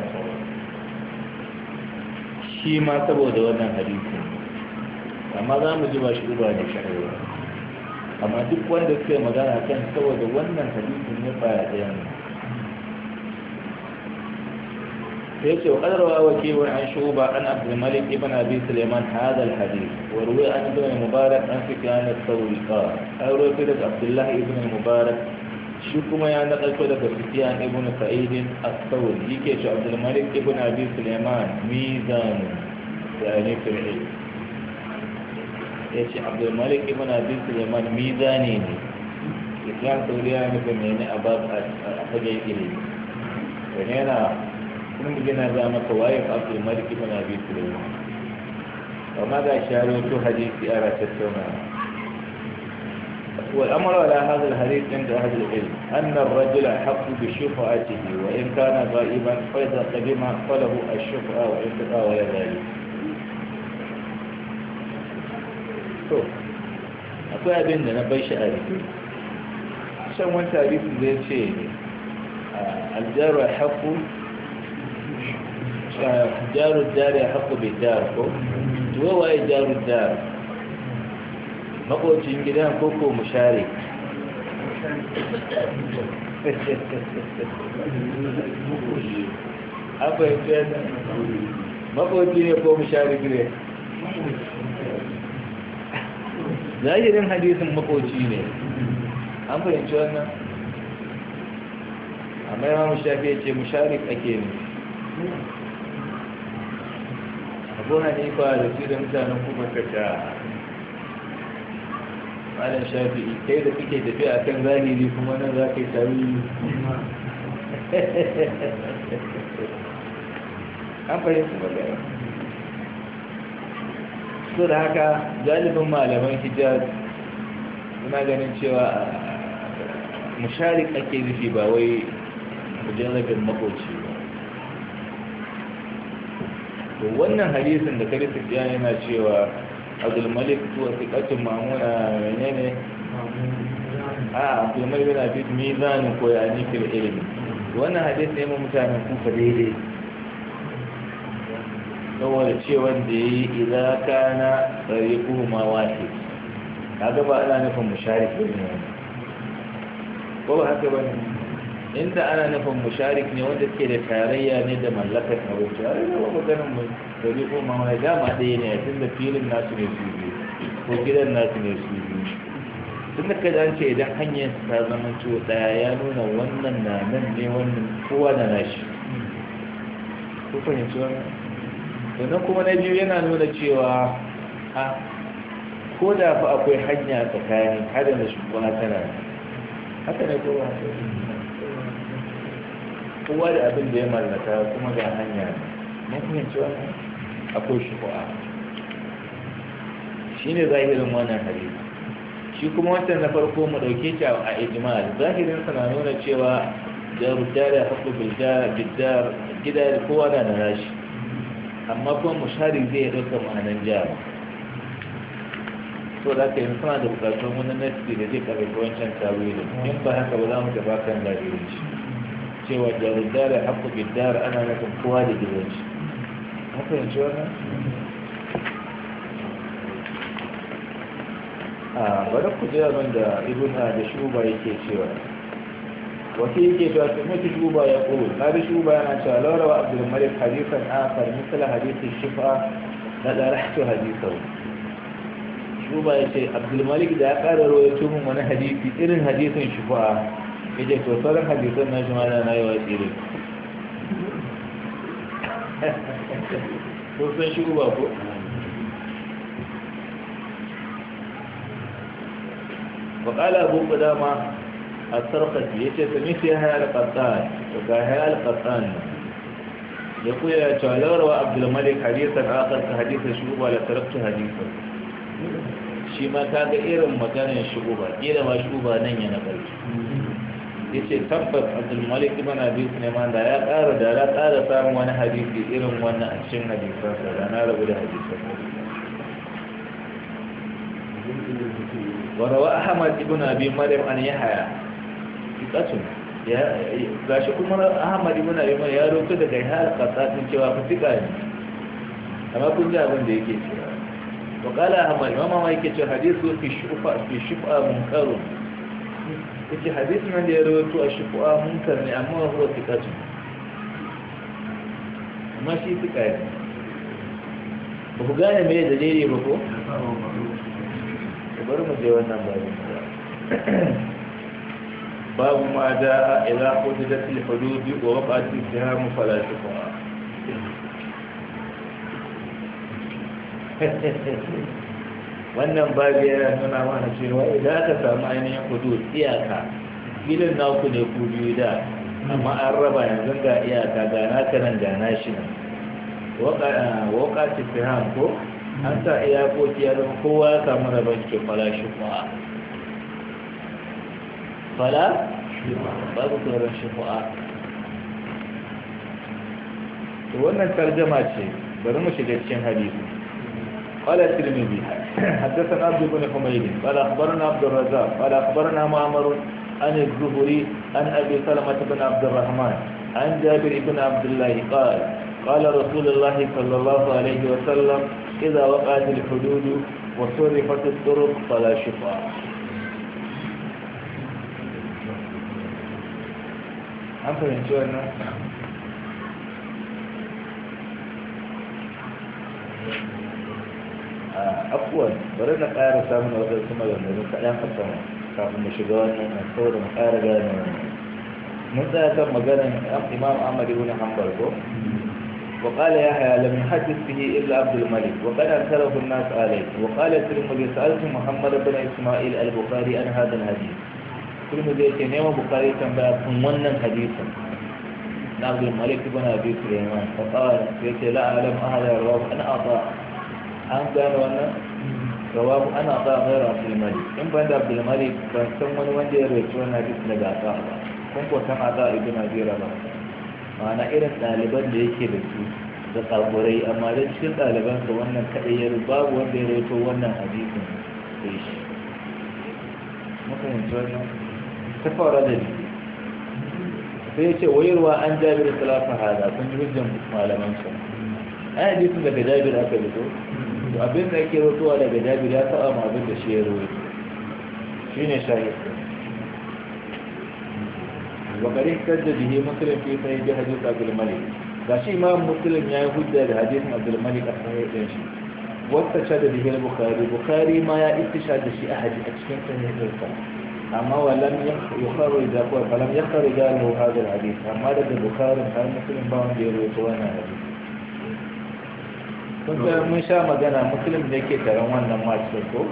شي ما سبو ده حديث أما ذا مجمع شعوبة نشعر أما دك وان ده سكي مغانا أكثر سبو ده وانا حديث نفع يتيامنا فيكي وقد رواكي وعن شعوبة عن عبد الملك ابن أبي سليمان هذا الحديث وروي عن ابن المبارك عن فكان الصويقاء أو روي فرد عبد الله ابن المبارك شكما يعني قلت لك فتيان ابن سعيد الصوت يكي شو عبد الملك ابن أبي سليمان ميزان يعني في الحيث يشي عبد الملك ابن أبي سليمان ميزانيني إسلام سوريا يعني في ميني أباب أحجي إليه وهنا kuma gina za maka waye fa akwai mariki mana bi su da yi wa ma da والامر على هذا الحديث عند اهل العلم ان الرجل حق بشفعته وان كان غائبا فاذا قدم فله الشفعه والتقى ولا ذلك. طيب، اقول ابن انا بيش عليك. أنت وانت عليك زي الجار حق jaru dare a haku bai dara ko tuwa waye jaru dare makocin gidan ko ko mushare akwai fiye Makocin ne ko share gire zahirin hadisin makoci ne an fahimci wannan amma yawan shafi ya ce musharik ake ne abu hanifa da shi da mutanen kuma ka ala malam shafi'i kai da kake tafiya a kan zahiri kuma nan za ka yi tarihi an fahimci magana so da haka galibin malaman hijaz suna ganin cewa musharik ake nufi ba wai mujarrabin makoci to wannan hadisin da kare sujjan yana cewa abdul malik a sikacin mamuna ne a abdul malik yana fi mizanin koyani fil ilimi wannan hadisin ya mutanen kufa daidai saboda cewar da ya yi idan kana tsari kuma wace kaga ba ana nufin musharif ne ko ba haka ba ne inda ana nufin musharik ne wanda suke da tarayya ne da mallakar abinci a yana ba maganin mu da zai mamaye ma dama ɗaya ne tun da filin nasu ne su biyu ko gidan nasu ne su biyu tun da kada an ce idan hanyar ta zama ciwo ɗaya ya nuna wannan na nan ne wannan kowa na nashi ko fahimci wannan sannan kuma na biyu yana nuna cewa a ko da fa akwai hanya tsakanin har na shugaba tana haka ne ko ba kowa da abin da ya mallaka kuma ga hanya ne mun fahimci wannan akwai Shi ne zahirin wannan hari shi kuma wancan na farko mu dauke ta a ijmal zahirin sa na nuna cewa da dara haqqu bil bidar gida kowa na nashi amma kuma mushari zai dauka ma'anan jar so da ka yi suna da bukatun wani nasi da zai karfafa wancan tawilin in ba haka ba za mu gaba kan zahirin shi cewa jarudar da haku bidar ana nufin kowa da gidan shi haka yanci wannan a bari ku ji abin da ibuna da shuba yake cewa wasu yake cewa su mutu shuba ya ƙuru ƙari shuba yana cewa laura wa abdulmalik hadisan akar misala hadisin shifa na ɗarahtu hadisan shuba ya ce abdulmalik da ya ƙara roya tuhun wani hadisi irin hadisin shifa يجي to sauran hadisan na ما ma da nayi watsi da ko وقال أبو قدامة السرقتي يتي سميت هيا القطان وقال هيا القطان يقول يا تعالور وعبد الملك حديثا آخر كحديث على لتركت حديثا شي كان إيرم مكان الشعوبة إيرم الشعوبة نين نقل ya yace tabbas Abdul Malik ibn Abi Sulaiman da ya ƙara da ya ƙara samun wani hadisi irin wannan a cikin hadisan sa da na rabu da hadisan wa rawa Ahmad ibn Abi Maryam an Yahya qatun ya gashi kuma Ahmad ibn Abi Maryam ya roƙi daga Yahya qatun cewa fasika ne amma kun ji abin da yake cewa Ahmad أحمد وما ما يكتب حديثه في الشفعة في الشفعة منكر yake hadisin nan da ya rawaito a shifu'a munkar ne amma wa huwa tikatu amma shi tika ya ba ku gane da dalili ba ko bari mu je wannan babu babu ma da ila hudu biyu ko wa ta al siham fala shifu'a wannan babu yana nuna mana cewa idan aka samu ainihin kudu iyaka gidan naku ne ku biyu da amma an raba yanzu ga iyaka gana naka nan gana shi nan waka cikin hanko? an sa iyakoki ya zama kowa ya samu rabon shi fala shi kuwa fala babu tsoron shi kuwa wannan tarjama ce bari mu shiga cikin hadisi qala biyar. حدثنا عبد بن حميد قال أخبرنا عبد الرزاق قال أخبرنا معمر عن الزهري عن أبي سلمة بن عبد الرحمن عن جابر بن عبد الله قال قال رسول الله صلى الله عليه وسلم إذا وقعت الحدود وصرفت الطرق فلا شفاء عم فهمتوا Thank you. afuwar bari na ƙara samun wajen kuma da mai kaɗan a sama kafin mu shiga وقال يحيى لم يحدث به إلا عبد الملك وقال أنكره الناس عليه وقال الترمذي سألت محمد بن إسماعيل البخاري عن هذا الحديث الترمذي كنيم البخاري تنبأ نعم، عنوانا حديثا عبد الملك بن أبي سليمان فقال لا أعلم أن أطاع an gano wannan rawahu ana ba ghayra abdulmalik in ban da abdulmalik ban san wani wanda ya rawaito wannan hadis daga asa ba kun ko san asa ibn azira ba ma'ana irin ɗaliban da yake da su da tsagurai amma da cikin ɗalibansa wannan kaɗai ya babu wanda ya rubuta wannan hadisin sai shi makamanci wannan ta fara da jiki sai ce wayarwa an jabir salafa hada kun yi hujjan malaman shi an hadisin daga jabir aka fito to abin da yake rotuwa daga jabir ya saba ma abin da shi ya roye shi ne wa kare shahid وقد احتج به مسلم في صحيح حديث عبد ga shi ma musulun ya yi hujja da hadisin abdulmalik a sahih din shi wata sha da bihir bukari bukari ma ya istisha da shi a hajji a cikin sahih din sa amma walam yukhari da ko walam yukhari da lahu da alhadith amma daga bukhari har musulun ba wanda ya rawaito wani hadisi kun mun sha magana musulun da ke taron wannan masu ko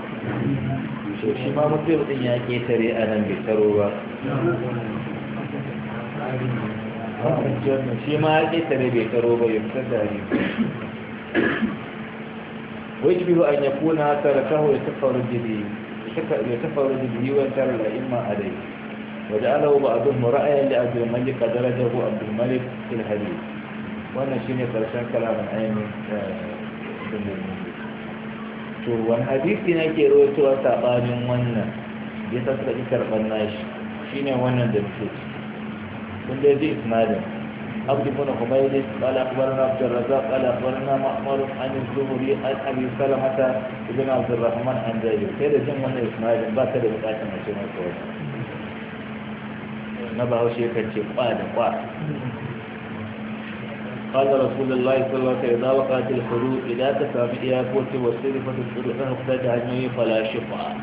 to shi ma mutum din ya ketare a nan bai taro ba shi ma ya ketare bai taro ba ya fitar da ne ويجب أن يكون تركه يتفرد به يتفرد به وينكر الأئمة عليه وجعله بعضهم رأيا لعبد الملك درجه عبد الملك في الحديث وأنا شيني فرشان كلام عيني su mummun to wani hadisi ne ke rotowa saɓanin wannan ya sassa ɗi karɓar nashi shi ne wannan da su sun da zai ismailin abu dukkan da kuma yi ne su ƙala akwai na abu jarraza ƙala akwai na ma'amarin an yi zuhuri an abu sala mata ibi na rahman an zai sai da jin wannan ismailin ba ta da buƙatar mace mai kawai na ba haushe kan ce ƙwa da ƙwa قال رسول الله صلى الله عليه وسلم إذا وقعت الحروب إذا تسامع يا فوت والسلفة الصدق فاحتاج عنه فلا شفاء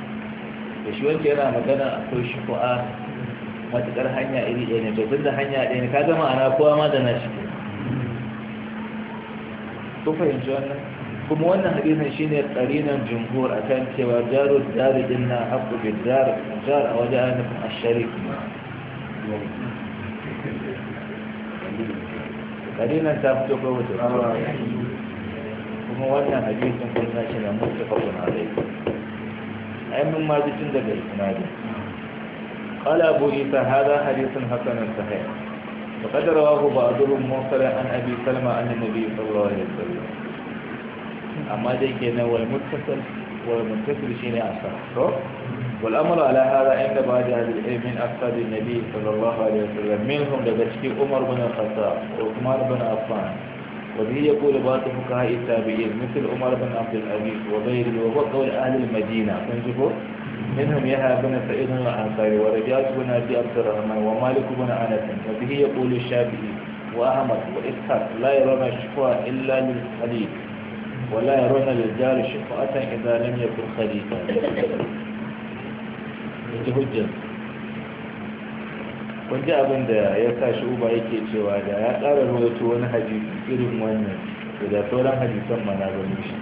يشوان كينا مكان أقول شفاء ما تقر حنيا إلي يعني تقول حنيا يعني كذا ما أنا أقوى ما دنا شفاء kun fahimci كم وانا حديثا شيني قرينا الجمهور أكان akan جار الدار dari حق بالدار جار jar jar karinan ta fito ko wata kuma wannan hadisin kun sa shi na mutafakun alai ai mun ma ji tun daga isnadi qala abu isa hada hadithun hasanun sahih وقد رواه بعضهم موصلا عن ابي سلمى عن النبي صلى الله عليه وسلم اما دي كده والمتصل والمتصل شيء اخر والأمر على هذا عند بعض أهل العلم من أفساد النبي صلى الله عليه وسلم منهم لبشكي عمر بن الخطاب وعثمان بن عفان وبه يقول بعض فقهاء التابعين مثل عمر بن عبد العزيز وغيره وهو قول أهل المدينة تنجبوا منهم يحيى بن سعيد الأنصاري ورجاج بن أبي عبد الرحمن ومالك بن أنس وبه يقول الشافعي وأحمد وإسحاق لا يرون الشفاء إلا للخليل ولا يرون الرجال شفاءة إذا لم يكن خليفة ji hujjar kwanci abin da ya sa shi uba yake cewa da ya ƙara rawaito wani hadisi irin wannan da da sauran hadisan mana gano shi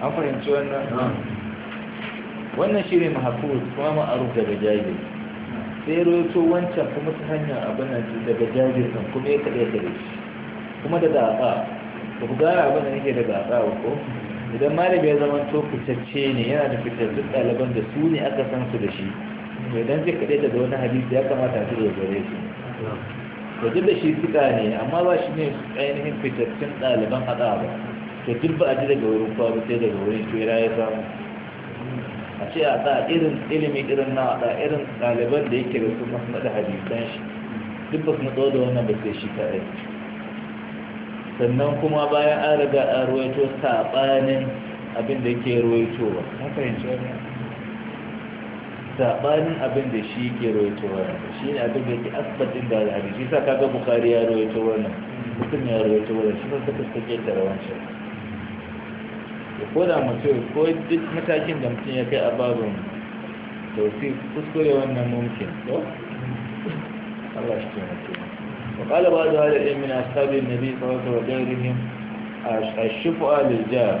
an fahimci wannan wannan shi ne mahafuz kuma ma'aruf daga jajir sai rawaito wancan kuma ta hanyar abin daga jajir kan kuma ya kaɗe da shi kuma da da'a ba ku gara abin da nake da gasa ko idan malami ya zama to fitacce ne yana da fitar duk ɗaliban da su ne aka san su da shi to idan zai kaɗai da wani hadisi ya kamata su da gare su to duk da shi fita ne amma ba shi ne ainihin fitaccen ɗaliban haɗa ba to duk ba a ji daga wurin kwa sai daga wurin kera ya samu a ce a sa irin ilimi irin na a irin ɗaliban da yake da su masu haɗa hadisan shi duk ba su matsawa da wannan ba sai shi kaɗai sannan kuma bayan an riga a ruwaito saɓanin abin da ke ruwaitowa saɓanin abin da shi ke ruwaito ba shi ne abin da ke asibitin da al'adu shi sa kaga bukari ya ruwaito wannan mutum ya ruwaito wannan shi sa suka ke da rawancin da ko da mutum ko duk matakin da mutum ya kai a babin tausi kuskure wannan mumkin to Allah shi ke mutum قال بعض أهل العلم من أصحاب النبي صلى الله عليه وسلم وغيرهم الشفعة للجار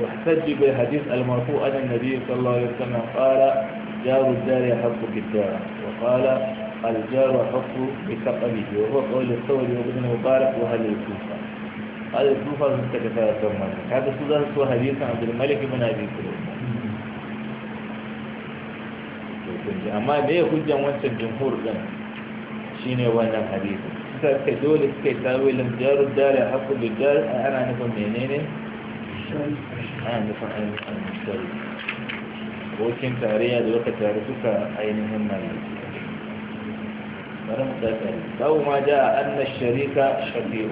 واحتج بالحديث المرفوع أن النبي صلى الله عليه وسلم قال جار الدار يحق بالدار وقال الجار حق بثقبه وهو قول الثوري وابن مبارك وهل الكوفة قال الكوفة مستكفى ثم هذا سوى حديث عبد الملك بن أبي سليمان أما me ya hujjan جمهور jumhur شيني وانا حبيبي كدول كي تاوي لم جارو الدار يا حقو اللي جار انا عنكم نينيني انا فاهم المشكلة وكين تاريه دوقة تاريسوكا اين هم مالي لو ما جاء ان الشريك شفيه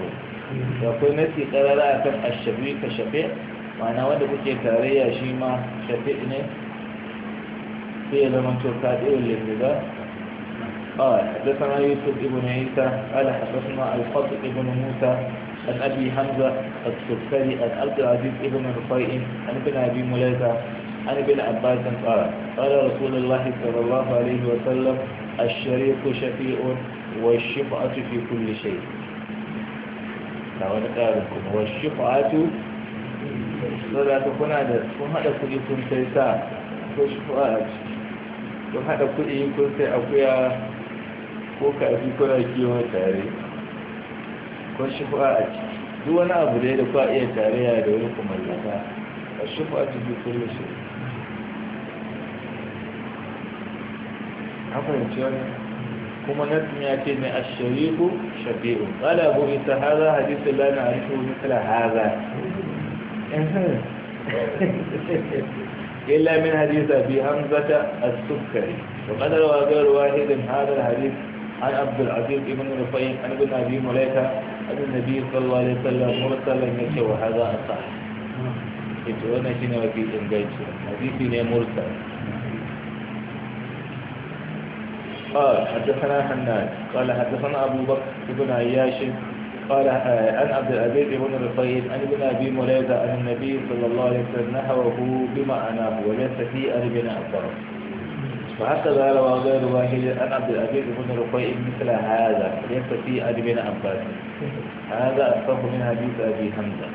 يقول نسي ترى لا اكم الشريك شفيع وانا وانا بكي تاريه شيما شفيعني في لما انتو قادئوا اللي بدا قال حدثنا يوسف بن عيسى قال حدثنا الفضل بن موسى عن أبي حمزة السكري عن عبد العزيز بن رفيع عن ابن أبي ملازة عن ابن عباس قال قال رسول الله صلى الله عليه وسلم الشريك شفيع والشفعة في كل شيء والشفعة saboda ta kuna da kun haɗa kuɗi kun sai sa ko shi kun haɗa kuɗi kun ko kaji kuna kiwon tare ko shufa a ciki duk wani abu da ya da kwa iya tarayya da wani kumallaka a shufa a ciki kullum shi fahimci wani kuma nasin ya ce ne a shari'u shafi'u ƙala abu isa haza hadisun lana a rikin misala haza eh, illa min hadisa bi hamzata as-sukkari wa qadara wa ghayru wahidin hadha al-hadith عن عبد العزيز بن رفيع عن ابن أبي مليكة عن النبي صلى الله عليه وسلم مرسلا يشي وهذا أصح يتوانا شنو وفي انجاز حديثي مرسل قال حدثنا حناد قال حدثنا أبو بكر بن عياش قال عن عبد العزيز بن رفيع عن ابن أبي مليكة عن النبي صلى الله عليه وسلم نحوه بما أناه وليس في أربنا الطرف. نعم. وهكذا روى غير واحد أنا عبد العزيز بن رقيع مثل هذا ليس في أدب بن عباس هذا الصف من حديث ابي حمزه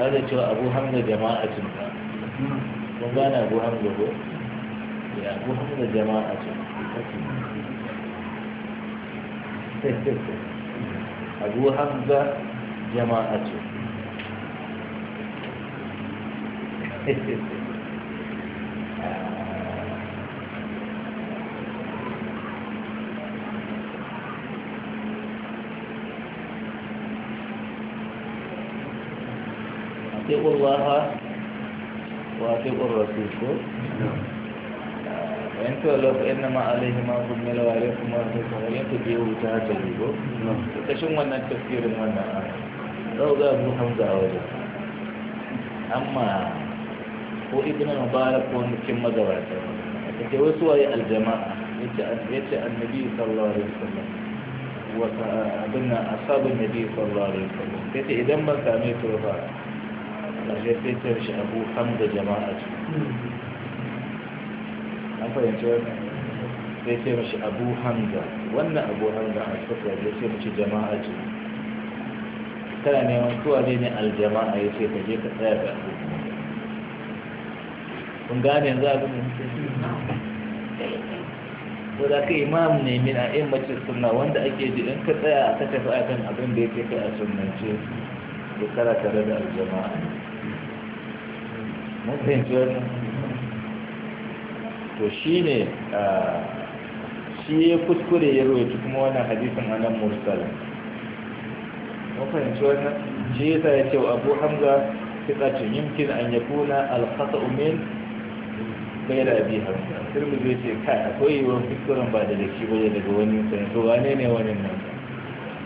هذا شو ابو حمزه جماعه وكان ابو حمزه هو يا ابو حمزه جماعه ابو حمزه جماعه أتقوا الله وأتقوا الرسول وإن تولوا إنما عليه ما ضمن وعليكم ما ضمن تبيعوا تهتدوا تشم أن التفكير من لو ذا أبو حمزة أولا أما هو ابن المبارك ومكين مدوعته يتوسوا الجماعة يتأذيت النبي صلى الله عليه وسلم وابن أصحاب النبي صلى الله عليه وسلم كيف إذا ما سامي ترفع ƙarshe sai ta shi abu hamza jama'a ce an fahimci wannan sai ce mashi abu hamza wannan abu hamza a shafa ya ce mashi jama'a ce tana neman kowa ne ne aljama'a ya ce ka je ka tsaya da abu kun gane yanzu abin da muke ko da kai, imam ne min a yin mace suna wanda ake ji in ka tsaya ka tafi akan abin da ya ce kai a sunnance to kana tare da aljama'a ne mun fahimci wani to shi ne shi ya kuskure ya roci kuma wannan hadisin anan mursalin mun fahimci wani shi ya sa ce abu hamza fitatun yankin an ya kuna alkhasa umin bai da abi hamza turmi zai ce kai akwai yiwuwar kuskuren ba da shi ba daga wani sanin to wane ne wani nan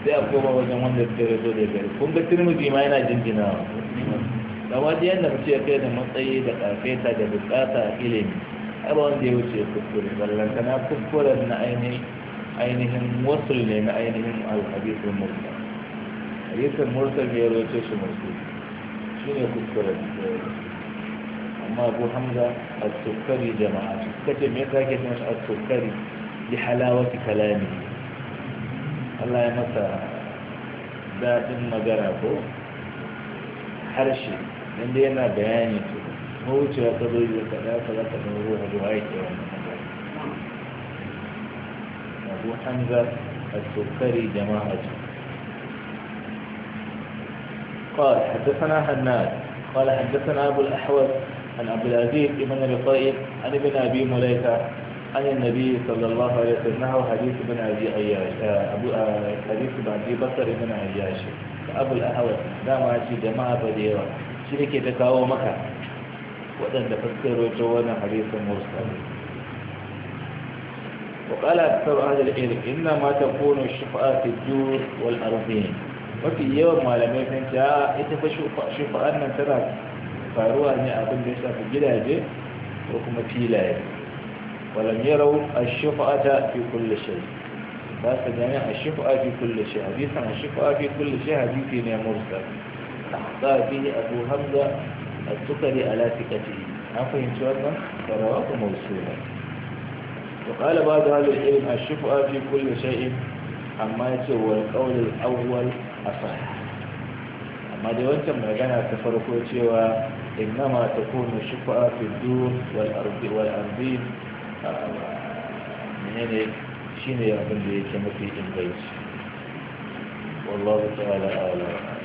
sai a koma wajen wanda suka zo da gari kun ga turmi ma yana jinjinawa da wajen yadda mutum ya kai da matsayi da ƙarfeta da bukata a ilimi abu wanda ya wuce kuskure ballanta na kuskuren na ainihin wasul ne na ainihin alhadisun mursal hadisun mursal ne ya roce shi mursal shi ne kuskuren amma abu hamza a sukari jama'a kace me yasa ke shi a sukari bi halawati kalami Allah ya masa daɗin magana ko harshe dan dai yana bayani ko wucewa ka zo yi kaza kaza ka zo ruwa ruwa abu السكري جماعة قال حدثنا حناد قال حدثنا أبو الأحوال عن عبد العزيز بن أبي طيب عن ابن أبي مليكة عن النبي صلى الله عليه وسلم حديث ابن أبي عياش أبو حديث ابن أبي بكر بن عياش أبو الأحوال دام عشي جماعة بديرة shi da ta kawo maka waɗanda faskarocin wannan hadisun mursal وقال أكثر أهل العلم إنما تكون الشفاء في الدور والأرضين وفي يوم ما لم يكن جاء إتفى شفاء من ترى فاروا أن أقول ليس في الجلاجة وكما في لا ولم يروا الشفاء في كل شيء بس يعني الشفاء في كل شيء حديثا الشفاء في كل شيء حديث مرسل استحقى به أبو همزة السكري على ثقته عفوا إن شاء الله فرواه موصولا وقال بعض أهل العلم الشفعة في كل شيء أما يتوى القول الأول أصح أما دي وانت مغانا تفرقوا يتوى إنما تكون الشفعة في الدور والأرض والأرضين من هنا شين يعمل لي كما في إنجليز والله تعالى أعلم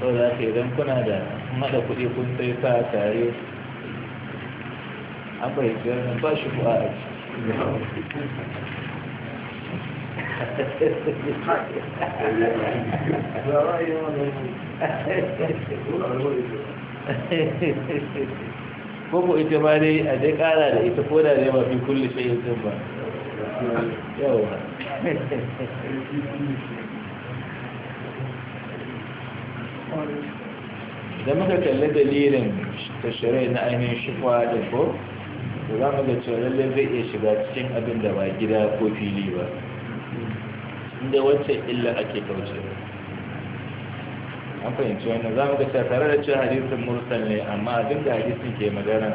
sau da aka idan kuna da mada kuɗi kun sai sa tare an bai jirgin ba shi kuwa a koko ita ma dai a dai kara da ita ko da dai ba fi kulle shayin ba da muka kalli dalilin tashirai na ainihin shifa da ko to za mu ga cewa zai iya shiga cikin abin da ba gida ko fili ba inda wacce illa ake kauce an fahimci wannan za mu ga cewa tare da cewa hadisin mursal ne amma abin da hadisin ke magana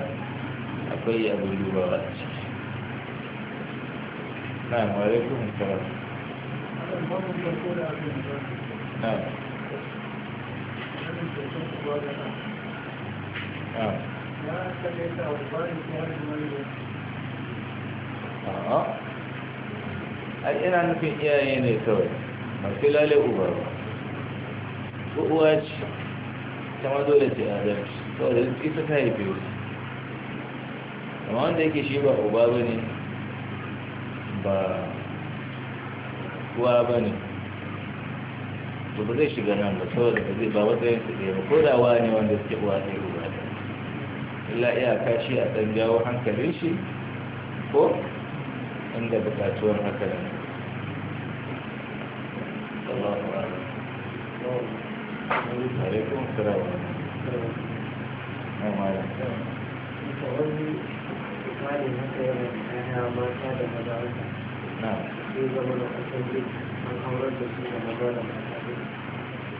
akwai abin duba a ciki na wa alaikum salam na ai ina nufin iyaye ne kawai masu lalai uba ba uwa ce ta ma dole ce a zarci saboda ita ta haife wasu amma wanda yake shi ba uba ba ne ba uwa ba ne to ba zai shiga nan ba saboda ba zai ba matsayin su ba ko da wa ne wanda suke uwa ɗaya ruwa ɗaya illa iyaka shi a ɗan jawo hankalin shi ko inda bukatuwar haka na zama da kusan an aurar da su da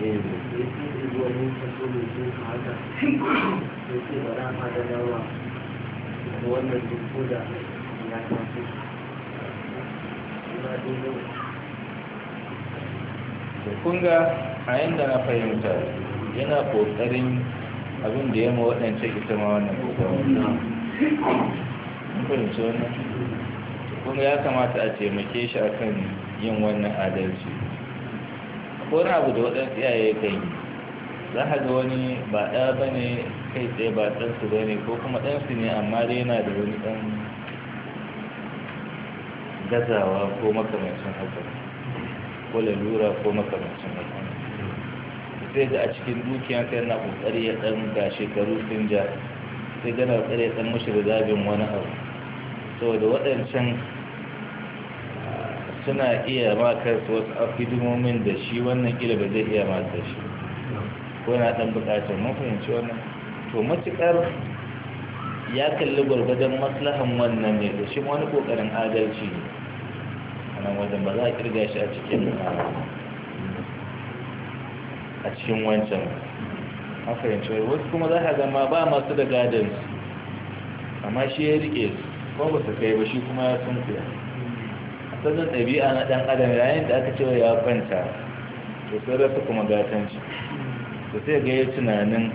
da ya tafi kunga a yadda na fahimta yana kokarin abin da ya ma waɗance ita ma wannan kokarin kunga ya kamata a taimake shi akan yin wannan adalci ko na abu da waɗansu iyaye kan yi za a ga wani ba ɗaya ba ne kai tsaye ba ɗansu ba ne ko kuma ɗansu ne amma dai yana da wani ɗan gazawa ko makamancin haka ko lalura ko makamancin haka sai da a cikin dukiya kai na ƙoƙari ya ɗan ga shekaru sun ja sai gana ƙoƙari ya ɗan mashi da zabin wani abu saboda waɗancan suna iya makar su wasu hidimomin da shi wannan kila ba zai iya mata shi ko yana dan bukatar mafahimci wannan to matukar ya kalli gwargwadon maslahan wannan ne da shi wani kokarin adalci ne a nan wajen ba za a kirga shi a cikin a cikin wancan mafahimci wani wasu kuma za ka zama ba masu da gadon amma shi ya rike su ko ba su kai ba shi kuma ya sun kuya sannan ɗabi'a na ɗan adam yayin da aka cewa ya kwanta da sai rasa kuma gatan shi da sai ga ya tunanin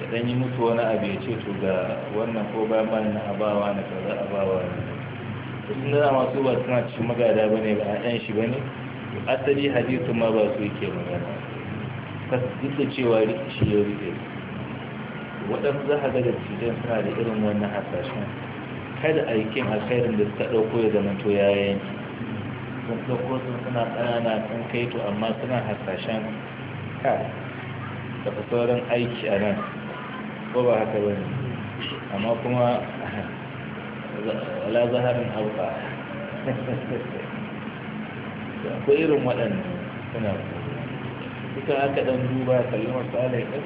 da ɗan yi mutu wani abu ya ce to ga wannan ko ba ma na abawa na kaza abawa ne da sun da masu ba suna cikin magada ba ne ba a ɗan shi ba ne asali hadisu ma ba su ke magana duk da cewa rikici ya rike waɗansu za a ga da cikin suna da irin wannan hasashen kada a yi kin alkhairin da suka ɗauko ya zama to ya yanki sun ɗauko sun suna ƙanana sun kai to amma suna hasashen kai da sauran aiki a nan ko ba haka ba ne amma kuma wala zaharin hauka akwai irin waɗanda suna suka aka ɗan duba kalmar tsalai ɗin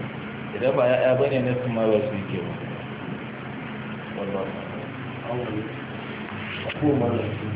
idan ba ya'ya ba ne na su ma ba su ke ba wallah ko mara su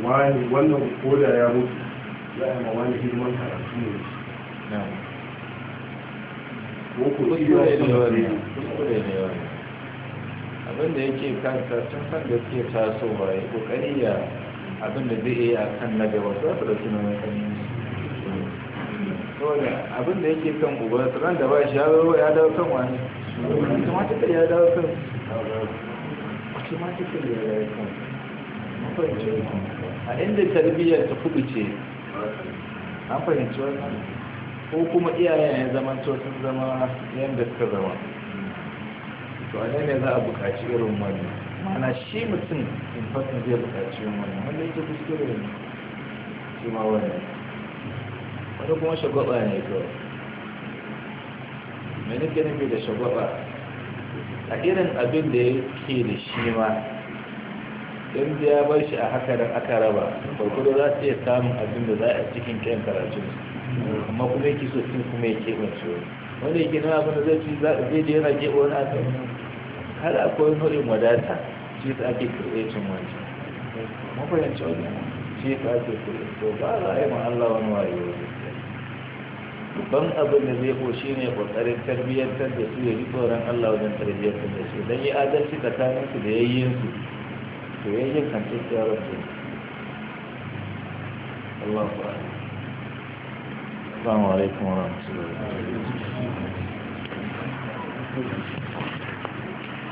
wani wannan koda ya mutu za a yi wani hidimar karatu ne abinda yake kanta tun kan da ke taso ba ya kokari ya abinda zai iya kan na gaba za su dauki mai kanin saboda abinda yake kan uba ran da ba shi ya zo ya dawo kan wani automatically ya dawo kan automatically ya dawo kan mafarci a inda tarbiyyar ta kudu ce an fahimci wannan ko kuma iyayen ya zama sun zama yadda suka zama to a ne za a buƙaci irin wani mana shi mutum in fasin zai buƙaci irin wani wanda yake kuskure ne shi ma wani wani kuma shagwaba ne kawai mai nake nufi da shagwaba a irin abin da yake da shi ma don biya bar shi a haka da aka raba farko za su iya samun abin da za a cikin kyan karatun amma kuma yake so cikin kuma ya keɓance wani wanda yake nuna abin da zai ci zai je yana keɓe wani aka yi. har akwai nau'in wadata shi ta ake kirɓecin wani mafahimci wani shi ta ake kirɓe to ba za a yi ma Allah wani wayo wani babban abin da zai koshi ne kokarin tarbiyyantar da su ya ji tsoron Allah wajen tarbiyyantar da su don yi adalci tsakaninsu da yayyensu soyayyen kan ce ya rasu Allah ku Assalamu alaikum wa rahmatullahi